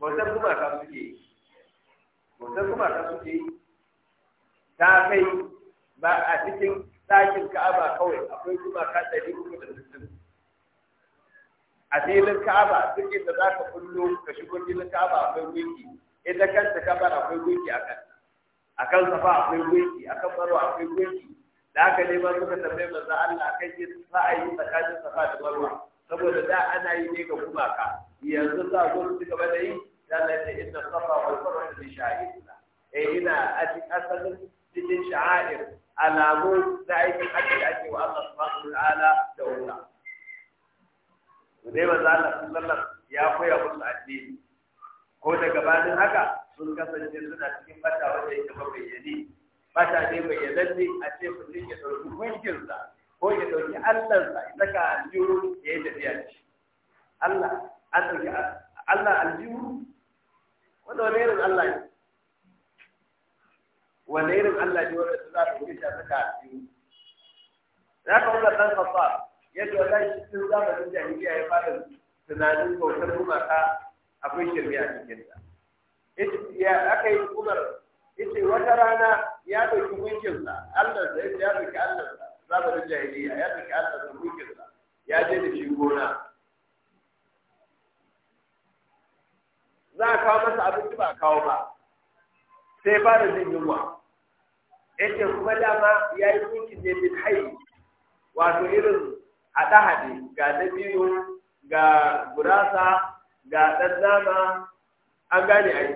bautar kuma ka suke bautar kuma ka suke ta kai ba a cikin ɗakin ka'aba kawai akwai kuma ka ɗari uku da sittin a filin ka'aba duk inda za ka kullo ka shigo filin ka'aba akwai gunki ita kanta kamar akwai gunki a kanta. akan safa akwai gunki akan marwa akwai gwaiki da aka neman suka tambaye manzo Allah akan yin sa'ayi tsakanin safa da marwa saboda da ana yi ne ga gumaka yanzu sa gurin suka bada yi dan Allah ya inna safa wal marwa bi sha'irina eh ina asalin cikin sha'air alamu da aikin haɗe da ake wa Allah subhanahu wa ta'ala da umra dai manzo Allah sallallahu ya koya musu addini ko da gabanin haka sun kasance suna cikin bata wanda yake ba bayyane bata ne bayyananne a ce mutum ya ɗauki gunkinsa ko ya ɗauki allansa ya saka aljihu ya yi tafiya ce Allah an ɗauki Allah aljihu wanda wani irin Allah ne wani irin Allah ne wanda su za su ɗauki shi a saka aljihu Za ka wanda ɗan kafa yadda wanda shi sun sun jahiliya ya fara tunanin bautar gumaka akwai shirme a ta. ya aka yi umar ita wata rana ya dauki mulkinsa Allah zai ya dauki Allah zamanin jahiliya ya dauki Allah da mulkinsa ya je da shi gona za a kawo masa abinci ba a kawo ba sai ba da jin yunwa ita kuma dama ya yi mulki ne min hayi wato irin haɗe-haɗe ga dabino ga gurasa ga ɗan nama an gane ai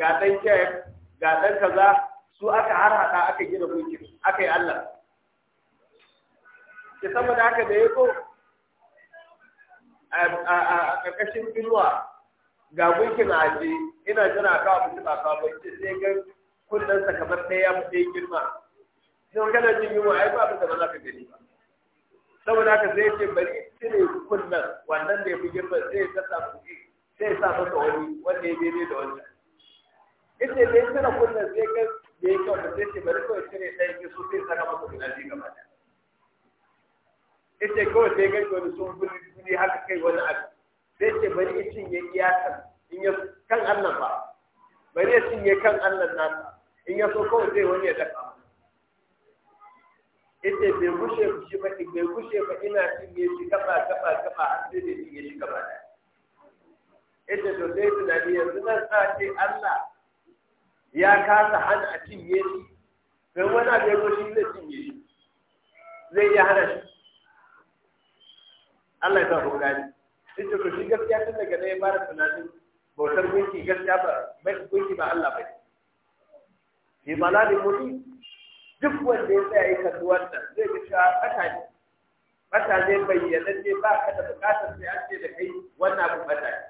ga dan kek ga dan kaza su aka harhaɗa aka gina gunkin aka yi Allah ke sama da aka da ya ko a ƙarƙashin inuwa ga gunkin aji ina jira kawo mutum a kawo ba ce sai ga kullum kamar ɗaya ya mutu girma sai kana jin yunwa ai ba ku da ba ka gani ba saboda haka sai ce bari cire kullum wannan da ya fi girma sai ya ta samu sai sa masa wani wanda ya daidai da wancan ita da ya na kunnen sai ka da ya kyau da sai ce bari kawai cire ɗayan ki so sai saka masa guda ji gaba da. ita kawai sai ga wani sun guri haka kai wani abu sai ce bari ya cinye iyakar in ya kan annan ba bari ya cinye kan annan nasa in ya so kawai zai wani ya daka ita bai gushe shi ba bai gushe ba ina cinye shi gaba gaba gaba har sai da cinye shi gaba da. inda to sai tunani yanzu nan sa ce Allah ya kasa hana a cinye shi don wani abu ya zo shi zai cinye shi zai iya hana shi Allah ya sa ku gani ita to shi gaskiya tun daga nan ya fara tunanin bautar gunki gaskiya ba mai gunki ba Allah ba ne mala ne mutum duk wanda ya tsaya ya kalli wannan zai ga cewa ƙasa ne ƙasa ne bayyananne ba ka da buƙatar sai an ce da kai wannan abu ƙasa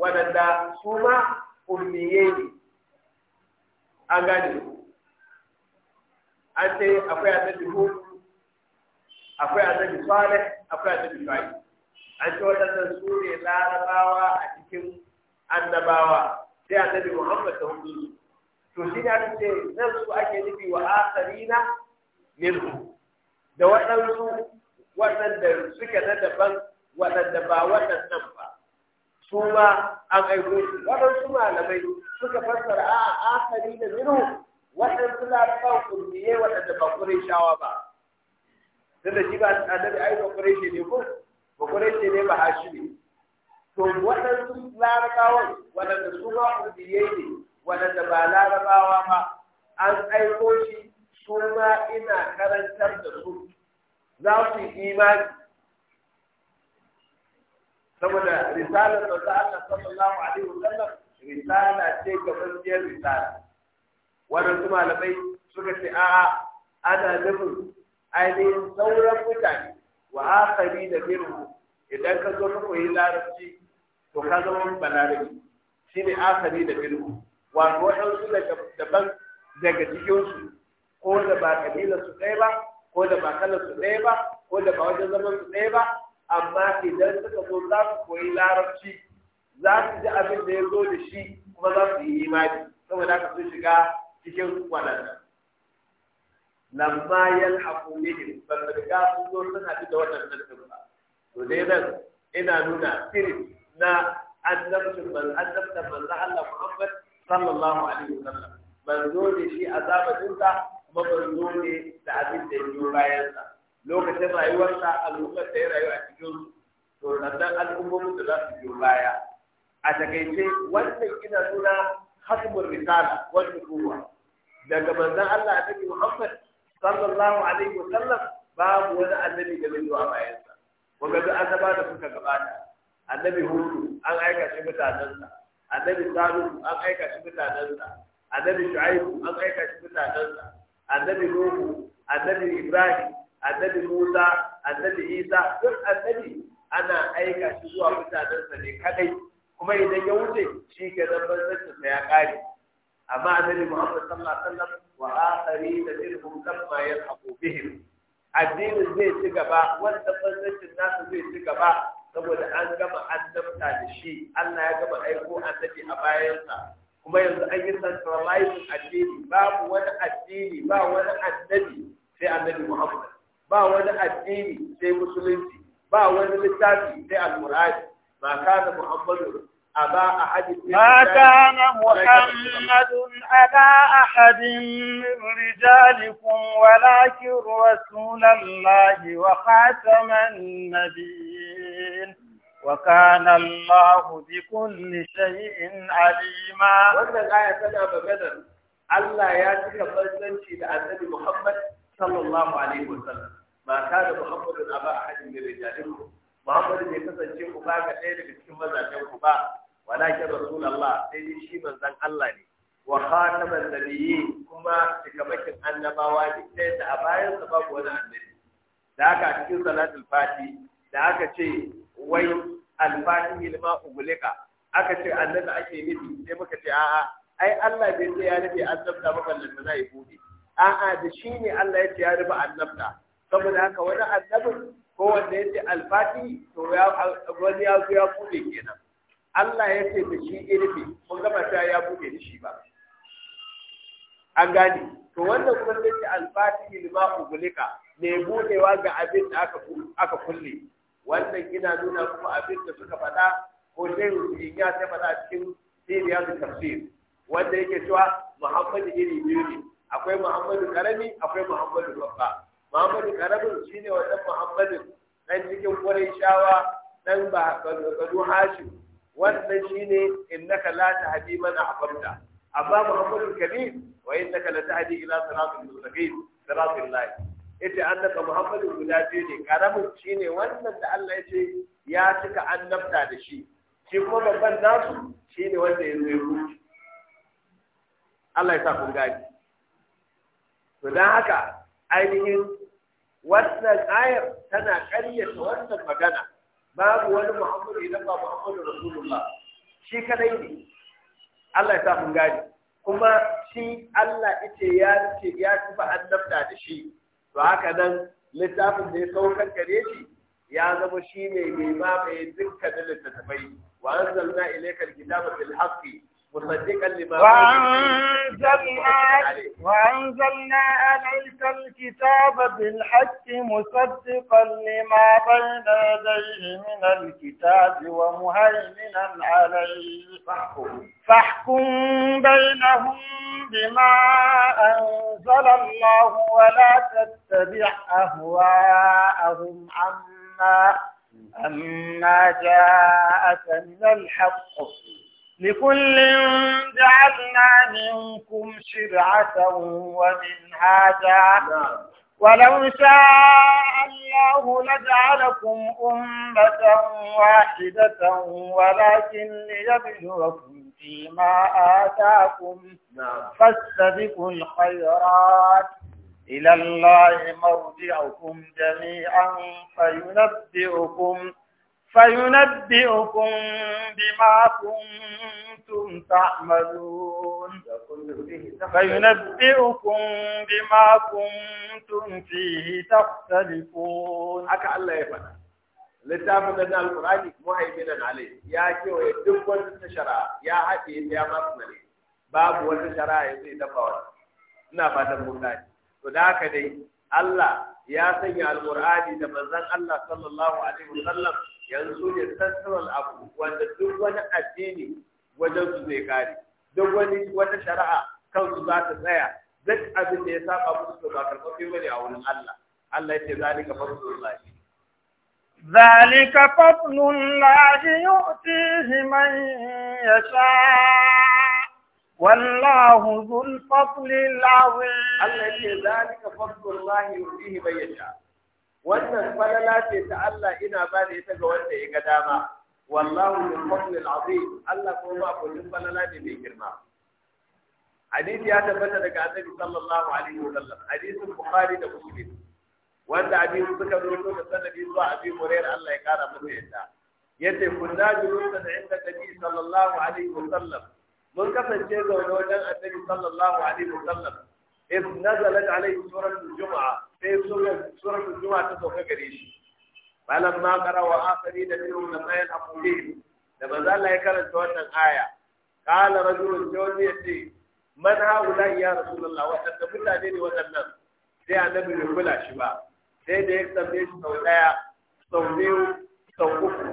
waɗanda su ma ummiye ne an gane an ce akwai annabi hud akwai annabi salih akwai annabi shuaib an ce waɗannan su ne larabawa a cikin annabawa sai annabi muhammad da hudu to shi ne aka ce nan su ake nufi wa asarina minhu da waɗansu waɗanda suke na daban waɗanda ba waɗannan ba su ma an aiko shi waɗansu malamai suka fassara a asali da minu waɗansu larabawa kurmiye waɗanda ba shawa ba tun da shi ba annabi ai ba kure shi ne ko ba kure shi ne ba ne. to waɗansu larabawa waɗanda su ma kurmiye ne waɗanda ba larabawa ba an aiko shi su ma ina karantar da su za su yi imani saboda risalar da ta Allah sallallahu alaihi risala ce gabanciyar risala wannan su malamai suka ce a'a ana nufin ainihin sauran mutane wa akari da birhu idan ka zo ka koyi larabci to ka zama balarabi shi ne akari da birhu wato waɗansu daban daga cikinsu ko da ba kabilar su ɗaya ba ko da ba kalar su ɗaya ba ko da ba wajen zaman su ɗaya ba amma idan suka zo za su koyi larabci za su ji abin da ya zo da shi kuma za su yi imani saboda haka sun shiga cikin waɗannan lamma yalhaqu bihim ban riga sun zo sun haɗu da waɗannan din ba to dai nan ina nuna sirri na annabcin ban annabta za Allah Muhammad sallallahu alaihi ban zo da shi azabatinsa kuma ban zo ne da abin da ya biyo bayansa lokacin rayuwarsa al'ummar da ya rayu a cikin to nan al'ummomin da za su biyo baya a takaice wannan gina nuna hasbun risala wani kowa daga manzon Allah annabi Muhammad sallallahu alaihi wa sallam babu wani annabi da zai zo a bayansa kuma duk annaba da suka gabata annabi Hudu an aika shi mutanensa annabi Salihu an aika shi mutanensa annabi Shu'aibu an aika shi mutanensa annabi Nuhu annabi Ibrahim annabi Musa annabi Isa duk annabi ana aika shi zuwa mutanensa ne kadai kuma idan ya wuce shi ke nan banzancinsa ya kare amma annabi Muhammad sallallahu alaihi wa akhari da minhum lamma yalhaqu bihim addinin zai ci gaba wanda banzancin nasu zai ci gaba saboda an gama annabta da shi Allah ya gama aiko annabi a bayansa kuma yanzu an yi centralizing addini babu wani addini ba wani annabi sai annabi Muhammad ba wani addini sai musulunci ba wani littafi sai alqur'ani ma kana muhammadu aba ahadin ma kana muhammadun aba ahadin min rijalikum walakin rasulallahi wa khataman nabiyyin وكان الله بكل شيء عليما wannan aya tana magana Allah ya cika manzanci da Annabi Muhammad sallallahu alaihi wasallam ba ka da muhammadun a ba a hadin da rijalinku muhammadu bai kasance ku ba ka ɗaya daga cikin mazajen ku ba walakin rasulullah sai dai shi manzon Allah ne wa khataman nabiyyi kuma cikamakin annabawa ne sai da a bayan sa babu wani annabi da aka cikin salatul fati da aka ce wai alfatihi lima ugulika aka ce annabi ake nufi sai muka ce a'a ai Allah bai ce ya rufe annabta ba ballan da zai bude a'a da shi ne Allah ya ce ya rufe annabta saboda haka wani annabin ko wanda ya alfati to wani ya ya bude kenan Allah ya ce da shi irfi kun gama mata ya bude da shi ba an gane to wanda kuma sai ce alfati ilma ubulika ne budewa ga abin da aka aka kulle wannan ina nuna kuma abin da suka faɗa ko sai ya ta faɗa cikin siriyar tafsir wanda yake cewa Muhammadu iri biyu ne akwai Muhammadu karami akwai Muhammadu babba Muhammadu Karamin shi ne wajen Muhammadu, ɗan cikin ƙwarai shawa ɗan ba gado Hashim wannan shi ne in naka la mana a ahbabta amma Muhammadu Kalim wa naka la haɗi ila siratil mustaqim siratil lahi an annaka Muhammadu guda biyu ne Karamin shi ne wannan da Allah ya ce ya cika annabta da shi shi kuma babban nasu shi ne wanda ya zo ya Allah ya sa kun gani to don haka ainihin wannan ayar tana ƙaryata wannan magana babu wani muhammadu idan ba muhammadu rasulullah shi kadai ne Allah ya sa mun gani kuma shi Allah ita ya ce ya tuba annabta da shi to haka nan littafin da ya saukar gare shi ya zama shi ne mai mamaye dukkanin littattafai wa anzalna ilaykal kitaba bil haqqi وأنزلنا وأنزلنا عليك الكتاب بالحق مصدقا لما بين يديه من الكتاب ومهيمنا عليه فاحكم فاحكم بينهم بما أنزل الله ولا تتبع أهواءهم عما عما جاءك من الحق لكل جعلنا منكم شرعة ومنهاجا نعم. ولو شاء الله لجعلكم أمة واحدة ولكن ليبلوكم فيما آتاكم نعم. فاستبقوا الخيرات إلى الله مرجعكم جميعا فينبئكم فينبئكم بما كنتم تعملون فينبئكم بما كنتم فيه تختلفون haka Allah ya faɗa littafin da alqur'ani muhaiminan alai ya kewaye duk wata shara ya haɗe ya masu mare babu wata shara ya zai ina fatan mun da Allah ya sanya alqur'ani da manzon Allah sallallahu alaihi wasallam yanzu ne central abu wanda duk wani addini wajen su zai kare duk wani wata shari'a kansu za ta tsaya duk abin da ya saba musu ba karfafe bane a wurin Allah Allah yake zalika fadlullah zalika fadlullah yu'tihi man yasha wallahu ذو الفضل العظيم الذي ذلك فضل الله يؤتيه من yasha wannan falala ce ta Allah ina ba da ita ga wanda ya ga dama wallahu min fadli al-azim Allah kuma abun falala ne mai girma hadisi ya tabbata daga annabi sallallahu alaihi wa sallam hadisin bukhari da muslim wanda abin suka rubuto da sanadi zuwa abi hurairah Allah ya kara masa yadda yace kunna da inda nabi sallallahu alaihi wa sallam mun kasance zaune wajen annabi sallallahu alaihi wa sallam إذ نزلت عليه سورة الجمعة sai suratul juma'a ta sauka gare shi balan ma qara wa akhari da minhum lam yanaqu bihi da manzo la ya karanta wannan aya qala rajulun jawzi yace man haula ya rasulullah wa da mutane ne waɗannan sai annabi bai kula shi ba sai da ya tambaye shi sau daya sau biyu sau uku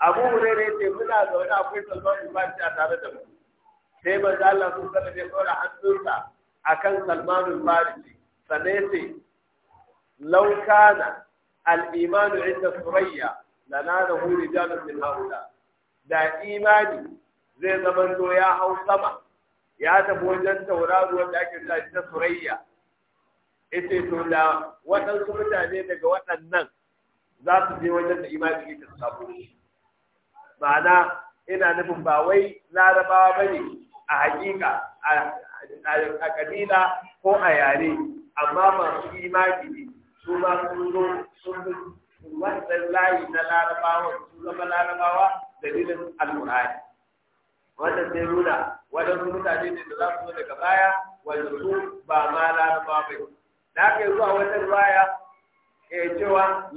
abu hurairu ya ce muna zaune akwai salman ibadi a tare da mu sai manzo Allah sun sanar da ya ɗora hannunsa akan salmanul farisi sannan ya al laukana al'imanu inda surayya da na da huri jamus haula da imani zai zama to ya hau sama ya tafi wajen tauraruwar da ake sa ta surayya ita to da waɗansu mutane daga waɗannan za su je wajen da imani ita samu ma'ana ina nufin ba wai larabawa bane a hakika a kabila ko a yare amma masu imani ne su ma su zo sun bi wannan layi na larabawa su zama larabawa dalilin alƙur'ani wannan sai nuna sun mutane ne da za su zo daga baya wanda su ba ma larabawa ba da aka yi zuwa wannan baya ke cewa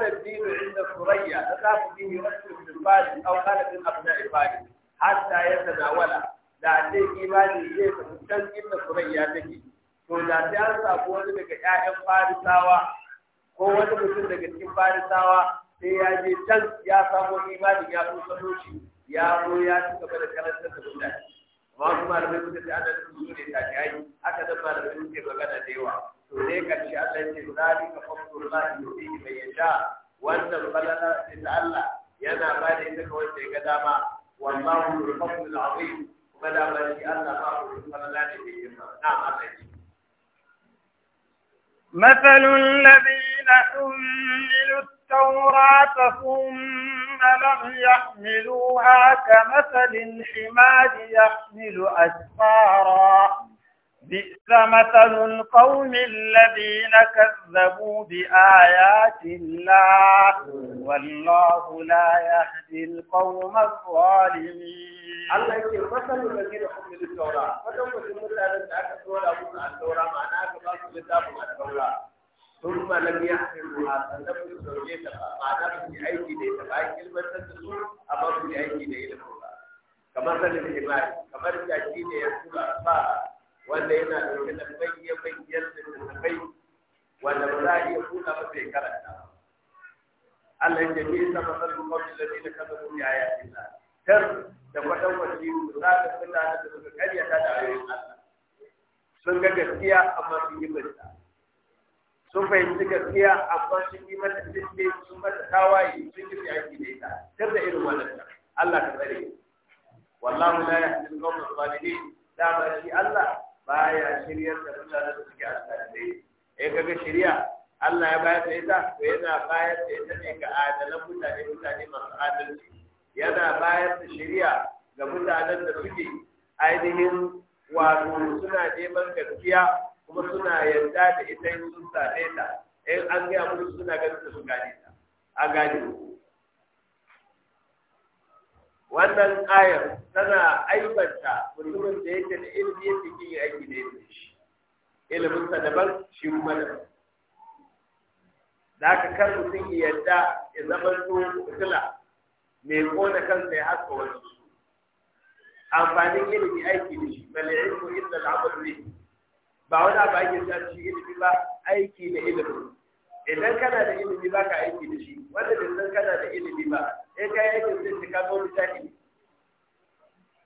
da dinu inda surayya ta za ku bihi wasu bin fadi au kana bin abu na ifadi hatta ya tanawala da a ce imani zai fahimtar inda surayya take to da ta an samu wani daga ƴaƴan farisawa ko wani mutum daga cikin farisawa sai ya je can ya samo imani ya tsosano shi ya zo ya ci gaba da karantar da mutane amma kuma malamai suka ce ana da su ne aka haka nan malamai suke magana da yawa to ne karshe Allah ya ce zalika fadlullahi yi mai yasha wannan balala, da Allah yana ba da ita kawai wanda ya ga dama wallahu bil fadlil azim نعم، مثل الذين حملوا التوراة ثم لم يحملوها كمثل الحمار يحمل أسفارا بئس مثل القوم الذين كذبوا بآيات الله والله لا يهدي القوم الظالمين الله يقول مثل الذين حملوا التوراة فلم يكن مثلا أكثر أبونا التوراة معناها كبار كتاب التوراة ثم لم يحملوها فلم يسويتها معناها في أيدي ليس فأي كلمة تسلسل أمام في أيدي ليس كما مثل الحمار كما التأكيد يقول أصبار wanda yana ɗauke da bayyabayyar littattafai wanda ba za a iya buɗa ba sai karanta Allah ya ce sa masal qawmi da kadhabu mun yaya Allah tar da wadan wasi za ka fita da suka karya ta da ayoyin Allah sun ga gaskiya amma sun yi mata sun fahimci gaskiya amma sun yi mata dinde sun mata tawaye sun yi aiki da ita tar da irin wannan Allah ka tsare wallahu la yahdi al-qawm al-zalimin da ba shi Allah baya shiryar da mutanen da suke azzalumai eh kaga shiriya Allah ya bayar da ita to yana bayar da ita ne ga adalan mutane mutane masu adalci yana bayar da shiriya ga mutanen da suke ainihin wato suna neman gaskiya kuma suna yarda da ita in sun same ta in an gaya musu suna ganin su gane ta a gane wannan ayar tana aibanta mutumin da yake da ilimi fi yin aiki da yake shi ilimin sa daban shi kuma da da aka kan mutum ya yadda ya zama su fitila mai kona kansa ya haska wasu amfanin ilimi aiki da shi bal ilmu illa al-amal bi ba wani abu ake sa shi ilimi ba aiki da ilimi idan kana da ilimi ba ka aiki da shi wanda bai san kana da ilimi ba sai ka yi aikin zai shiga zo misali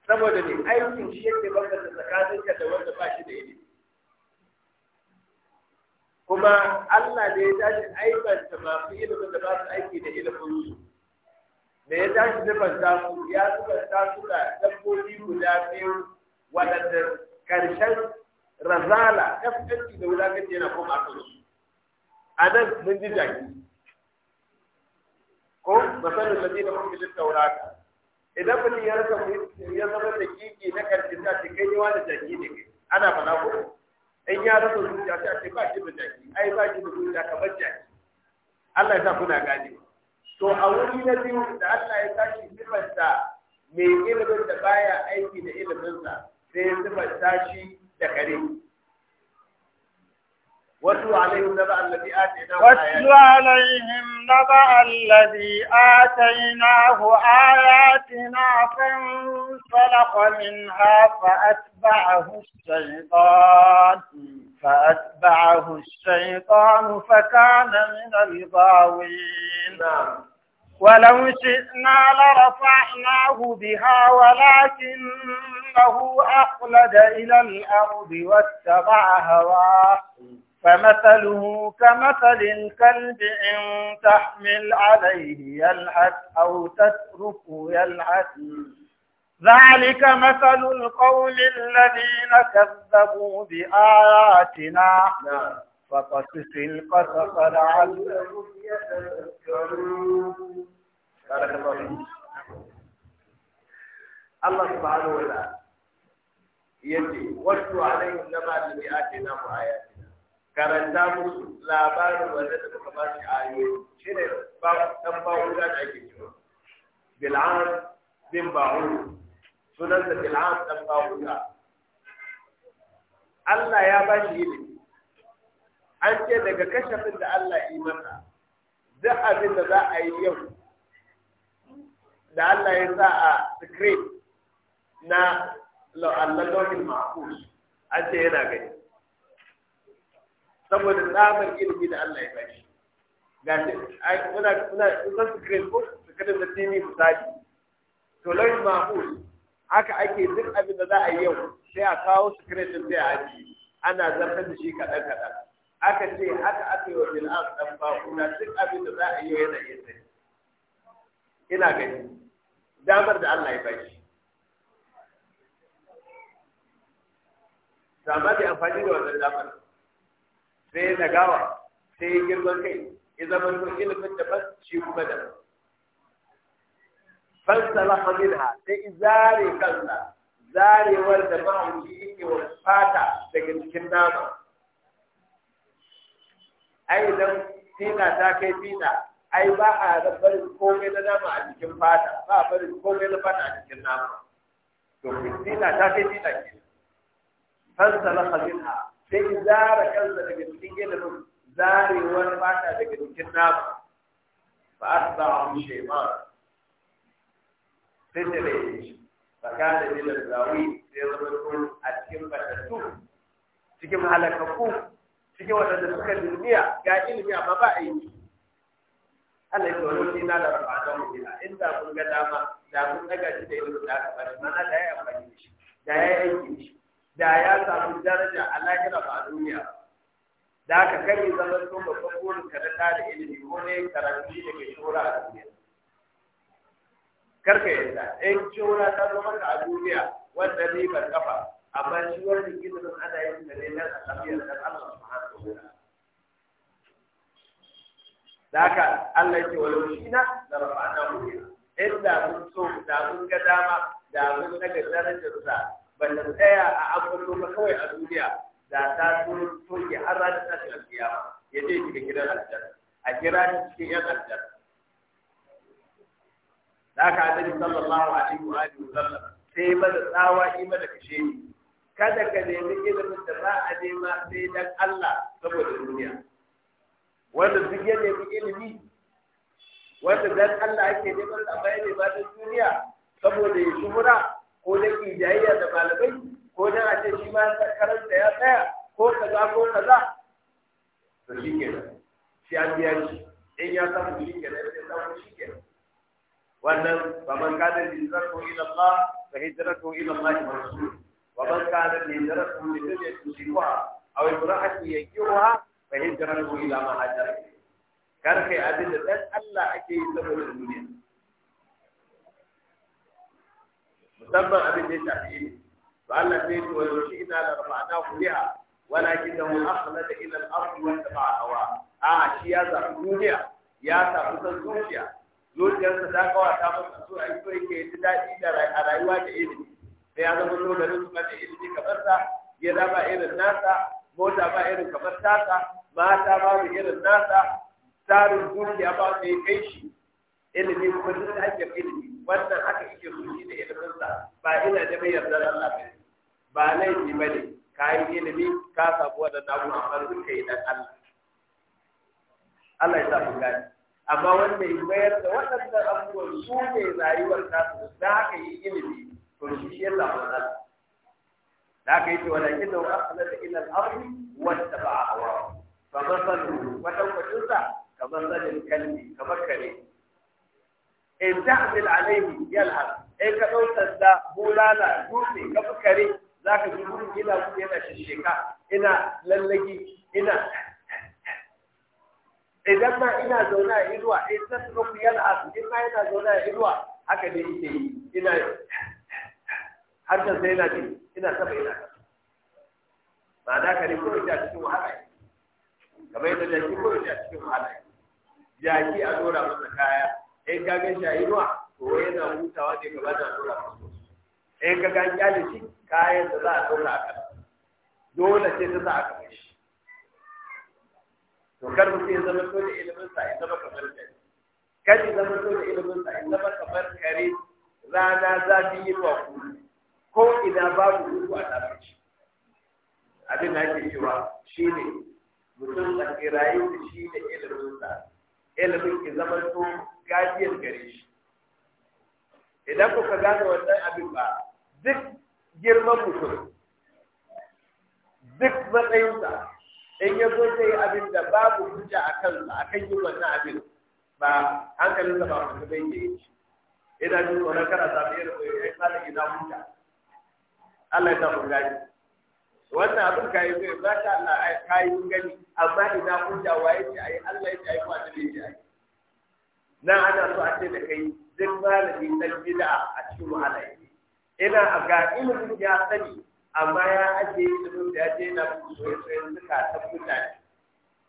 saboda ne aikin shi yake bambanta tsakaninka da wanda ba shi da ilimi kuma Allah ne ya tashi aibanta masu ilimin da ba su aiki da ilimin su da ya tashi zubanta su ya za su da dabbobi guda biyu waɗanda ƙarshen razala kaskanci da wulakanci yana koma a kansu a nan mun ji jaki ko masalul mun hum taura tawrat idan mutum ya rasa ya zama da kiki na karshe ta ce kai yawa da jaki ne kai ana fada ko in ya rasa zuciya ta ce ba shi da jaki ai ba shi da zuciya kamar jaki Allah ya sa kuna gane to a wuri na biyu da Allah ya tashi sifanta mai ilimin da baya aiki da sa sai ya sifanta shi da kare واتل عليهم نبأ الذي آتيناه واتل عليهم نبأ الذي آتيناه آياتنا فانسلخ منها فأتبعه الشيطان فأتبعه الشيطان فكان من الغاوين نعم ولو شئنا لرفعناه بها ولكنه أخلد إلى الأرض واتبع هواه فمثله كمثل الكلب إن تحمل عليه يلحث أو تتركه يلحث ذلك مثل القوم الذين كذبوا بآياتنا نعم. فقصص القصص لعلهم الله سبحانه وتعالى يجي وشو عليهم لما بمئات آتيناه karanta musu labarin wanda da suka ba shi ayo shi ne ɗan bawuda da ake cewa bil'an bin ba'ud sunan da bil'an dan da Allah ya ba shi ilimi an ce daga kashafin da Allah yi masa duk abin da za a yi yau da Allah ya sa a screen na la'allallohin ma'akus an ce yana gani saboda tsamar ilimi da Allah ya bashi ga shi kuna muna su kai ko kada da tini Sadi. to lai mahul haka ake duk abin da za a yi yau sai a kawo kare su sai a aji ana zartar da shi kaɗan kaɗan aka ce haka aka yi wa bil'as dan kuna duk abin da za a yi yana iya sai ina gani damar da Allah ya bashi da ma bai amfani da wannan damar sai nagawa sai girman kai ya zama ko ilimin da ban shi kuma da fansalaha minha sai zare kansa zarewar da mahauci yake wa fata daga cikin nama ai idan fina ta kai Tina, ai ba a barin komai na nama a cikin fata ba a barin komai na fata a cikin nama to fina ta kai fina ke fansalaha minha sai zara kansa daga cikin ilimin zarewar fata daga cikin nama fa asba mu shayman sai ta da shi fakada min al-zawi sai zama kun a cikin batattu cikin halakaku cikin wadanda suka duniya ga ilimi amma ba aiki Allah ya tsoro shi na da rafatan mu ila inda kun ga dama da kun daga shi da ilimin da aka bari mana da ya amfani da shi da ya aiki da shi da ya samu daraja a lahira ba a duniya da aka zama zaman ba ko burin ka da da ilimi ko ne karatu da ke shora a duniya karka yadda in shora ta zama ka a duniya wanda ne ba kafa amma shi wannan ilimin ana yin da ne na tafiyar da Allah subhanahu wa ta'ala da aka Allah ke wani shi na da rafa'ana mu illa mun so da mun ga dama da mun daga darajar sa ba tsaya a abubuwan ba kawai a duniya da ta so toke har ta ce alfiya ya je shiga gidan aljar a kira shi cikin yan aljar da aka annabi sallallahu alaihi wa alihi wa sai mana tsawa yi mana kashe ni kada ka nemi ilimin da za a nema sai dan Allah saboda duniya wanda duk ya nemi ilimi wanda dan Allah ake neman da bai ne ba duniya saboda ya mura ko da ke jayayya da malamai ko da a ce shi ma karanta ya tsaya ko kaza ko kaza to shi ke shi an biya shi in ya samu shi ke nan sai samu shi ke wannan ba man kada ko ila Allah fa ko ila Allah wa rasul wa man kada hijratu li dunya tusikuha aw imra'ati ka fa ko ila ma hajara kar kai abin da dan Allah ake yi saboda duniya musamman abin da ya shafi ilimi to Allah sai ya ce wa yushi ina walakin da mun akhla da ila al ardh wa taba'a hawa a shi ya zafi duniya ya tafi san zuciya zuciyarsa ta kawata masa so a yi ke yake ji daɗi da rayuwa da ilimi sai ya zama da su kuma da ilimi kamar sa gida ba irin nasa mota ba irin kamar tasa mata ba irin nasa tarin zuciya ba sai kai shi ilimi kuma duk da ake ilimi wannan aka ike rushi da iliminsa ba ina da mai yarda da Allah ba ba laifi ba bane ka yi ilimi ka sabu da abu amma duka dan Allah Allah ya sa ku gani amma wanda ya bayar da waɗannan abubuwan su ne rayuwar tasu da aka yi ilimi to shi shi Allah ba za da haka yake walakin da wa'ala da ila al-ardi wattaba'a hawa fa masalu wa tawfatunsa kamar sanin kalbi kamar kare in ta'mil alaihi yalhas in ka ɗau sanda bulala dutse ka kare za ka ji wurin ina ku yana shisheka ina lallagi ina idan ma ina zaune a inuwa in ta suka ku yana in ma ina zaune a inuwa haka ne yake yi ina harshen sai na ji ina saba ina ba da ka ne kuma ita cikin wahala kamar yadda jaki da ita cikin wahala jaki a dora masa kaya in eh, ka gan shi a inuwa to yana hutawa ne gaba da dora in eh, ka gan kyale shi kayan da za a dora a kan dole sai ta sa aka kai shi to kar mutum ya zama to da ilimin sa ya zama kamar kare kar ya zama to da ilimin sa ya zama kamar kare rana za ta yi wa ku ko ina babu ruku a tsarin shi abin da ake cewa shine mutum a da shi da ilimin sa ilimin ke zama to gajiyar gare shi idan kuka gane wannan abin ba duk girman mutum duk matsayinsa in ya zo zai abin da babu hujja a kansa a kan yin wannan abin ba hankalinsa ba mutum bai ke yi ina jin tsoron kana samu irin mai ya eh, yi malaki na hujja Allah ya samu gajiyar wannan abin ka yi zai zaka Allah kai mun gani amma idan kun da waye ce ai Allah ya ce ku da ni ai na ana so a ce da kai duk malami dan bid'a a cikin wahala ina ga ilimin ya sani amma ya ajiye ilimin da ya je na sai suka tabbata.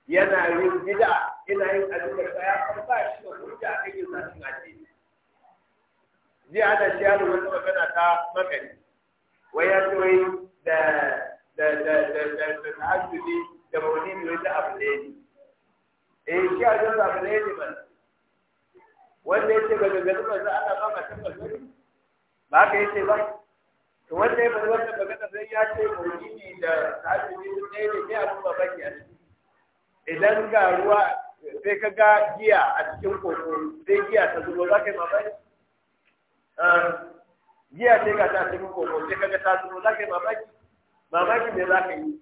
yana yin bid'a ina yin azuka ya san ba shi da hujja kan yin zatin addini ji ana shi ya wata magana ta magani wai ya ce wai da da da da da da tahajjudi da maulidi da ta ne. eh shi a zan ne ba wanda yace ba daga zuwa za ana ba mata bazari ba ka yace ba to wanda ya bari wannan magana sai ya ce maulidi da tahajjudi ne ne ne abu babaki a ciki idan ga ruwa sai ka ga giya a cikin koko sai giya ta zubo za ka yi mamaki ehm, giya sai ga ta cikin koko sai ka ga ta zubo za ka yi mamaki Mamaki me za ka yi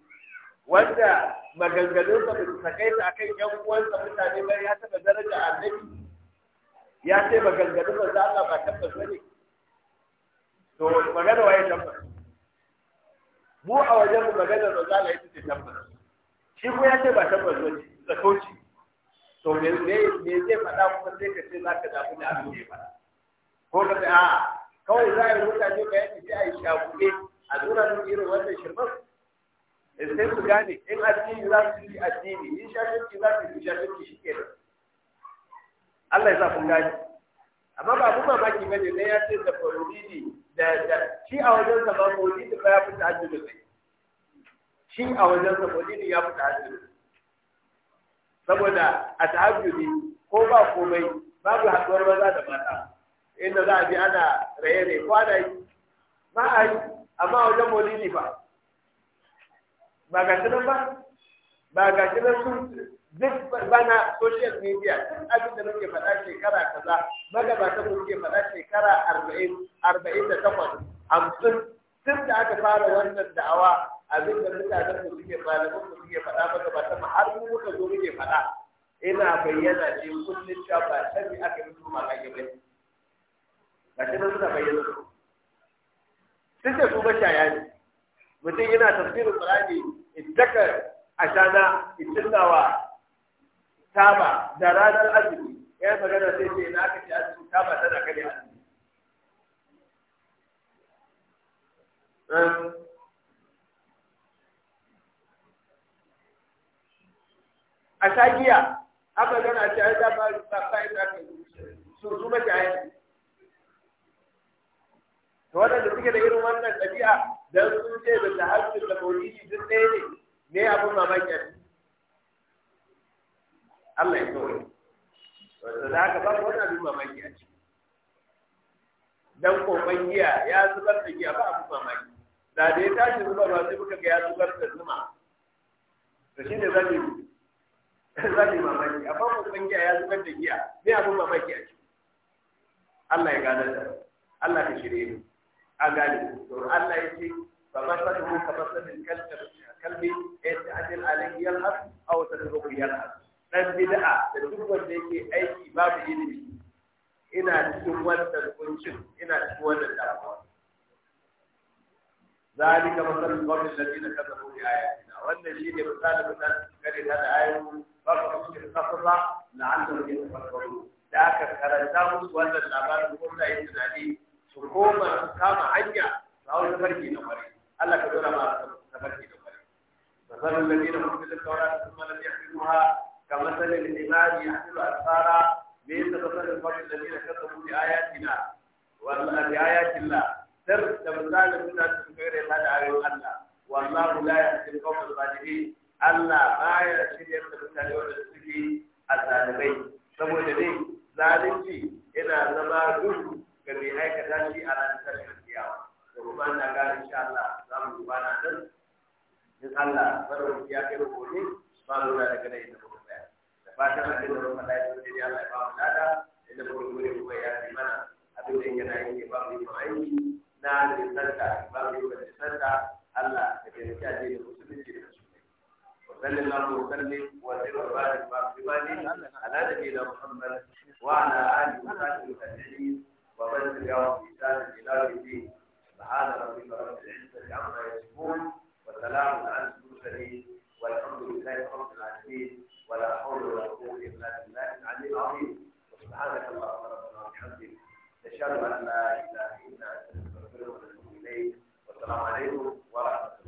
wanda maganganunsa ba su kai ta kan yan uwansa mutane ba ya taɓa daraja annabi ya ce maganganun ba za Allah ba tabbas ba ne to magana waye tabbas mu a wajen mu magana ba za ka yi ce tabbas shi ko ya ce ba tabbas ba ne zakauci to me me me zai faɗa kuma sai ka ce za ka zaɓi da abin da ya faɗa ko ka ce a, kawai za a yi mutane bayani ce a yi shaguɗe a nuna nan irin wannan shirman eh, sai su gane in addini za su yi addini in shashanci za su yi shashanci shi ke Allah ya sa kun gane amma ba abun mamaki bane dan ya ce da faruridi da da shi a wajen sa ba maulidi ba ya fita ta'addudu sai shi a wajen sa maulidi ya fi ta'addudu saboda a ta'addudu ko ba komai babu haɗuwar maza da mata inda za a bi ana raye-raye ko ana yi ba a yi amma wajen maulidi ba ba ga shi ba ba ga shi sun duk bana social media duk abin da muke faɗa shekara kaza magabatan muke faɗa shekara arba'in arba'in da takwas hamsin tun da aka fara wannan da'awa abin da mutanen mu suke malaman mu suke faɗa magabatan mu har mu muka zo muke faɗa ina bayyana ce kullum cewa ba sani aka yi su ka kage ba ba shi suna bayyana su duk da su ne mutum yana tafsirin qur'ani ittaka ashana ittillawa taba da ranar azumi ya magana sai ce na aka azumi taba tana kare azumi a shagiya aka gana ce ai da ba ba ka yi su su mashaya to waɗanda suke da irin wannan ɗabi'a dan sun ce da tahajjud da maulidi duk ɗaya ne me abun mamaki a Allah ya kawai wanda za ka ba wani abin mamaki a ciki dan kofan giya ya zubar da giya ba abin mamaki da da ya tashi zuba ba sai muka ga ya zubar da zuma to shine zani zani mamaki a farkon kokon giya ya zubar da giya me abin mamaki a ciki Allah ya gane da Allah ka shirye mu Agali, gane to Allah ya ce fa masaluhu ka masalin kalbi in eh, ta'dil alayhi yalhas aw tadrubu yalhas dan bid'a da duk wanda yake aiki babu ilimi ina cikin wannan kuncin ina cikin wannan damuwa ذلك مثل القوم الذين da بآياتنا وأن الذين مثال da كره هذا آية فقط القصص لعلهم يتفكرون ذاك كرهتهم وأن الأبان هم لا tunani. su koma su kama hanya su hau tafarki da kwari Allah ka dora ma su tafarki da kwari ba zan da mutum da kawara su kuma lalle ya fito ha ka masala da limani ya fito a tsara me yasa ba zan fari lalle da kasa mu da ayati na wannan da ayati na da misali suna su kai da ta da ayoyin Allah wallahu la yahdi al-qawm al-zalimin Allah baya shirye da mutane wanda suke azalibai saboda dai zalunci yana zama gudu ga mai aikata shi a ranar tashin kiyawa da kuma da ga insha Allah za mu duba na nan in Allah barin ya kai gobe ba mu da daga nan da muka bayar da fatan Allah da muka da shi da Allah ya ba mu da inda muka gode kuma ya yi mana abin da yana yi ba mu yi aiki na da sarka ba mu yi da sarka Allah ka taimaki a cikin musulunci da musulunci وصلى الله وسلم وبارك وعلى نبينا محمد وعلى اله وصحبه اجمعين اليوم في بإحسان إلى الدين سبحان ربك رب العزة عما يصفون وسلام على المرسلين والحمد لله رب العالمين ولا حول ولا قوة إلا بالله العلي العظيم سبحانك اللهم ربنا وبحمدك نشهد أن لا إله إلا أنت نستغفرك ونتوب إليك والسلام عليكم ورحمة الله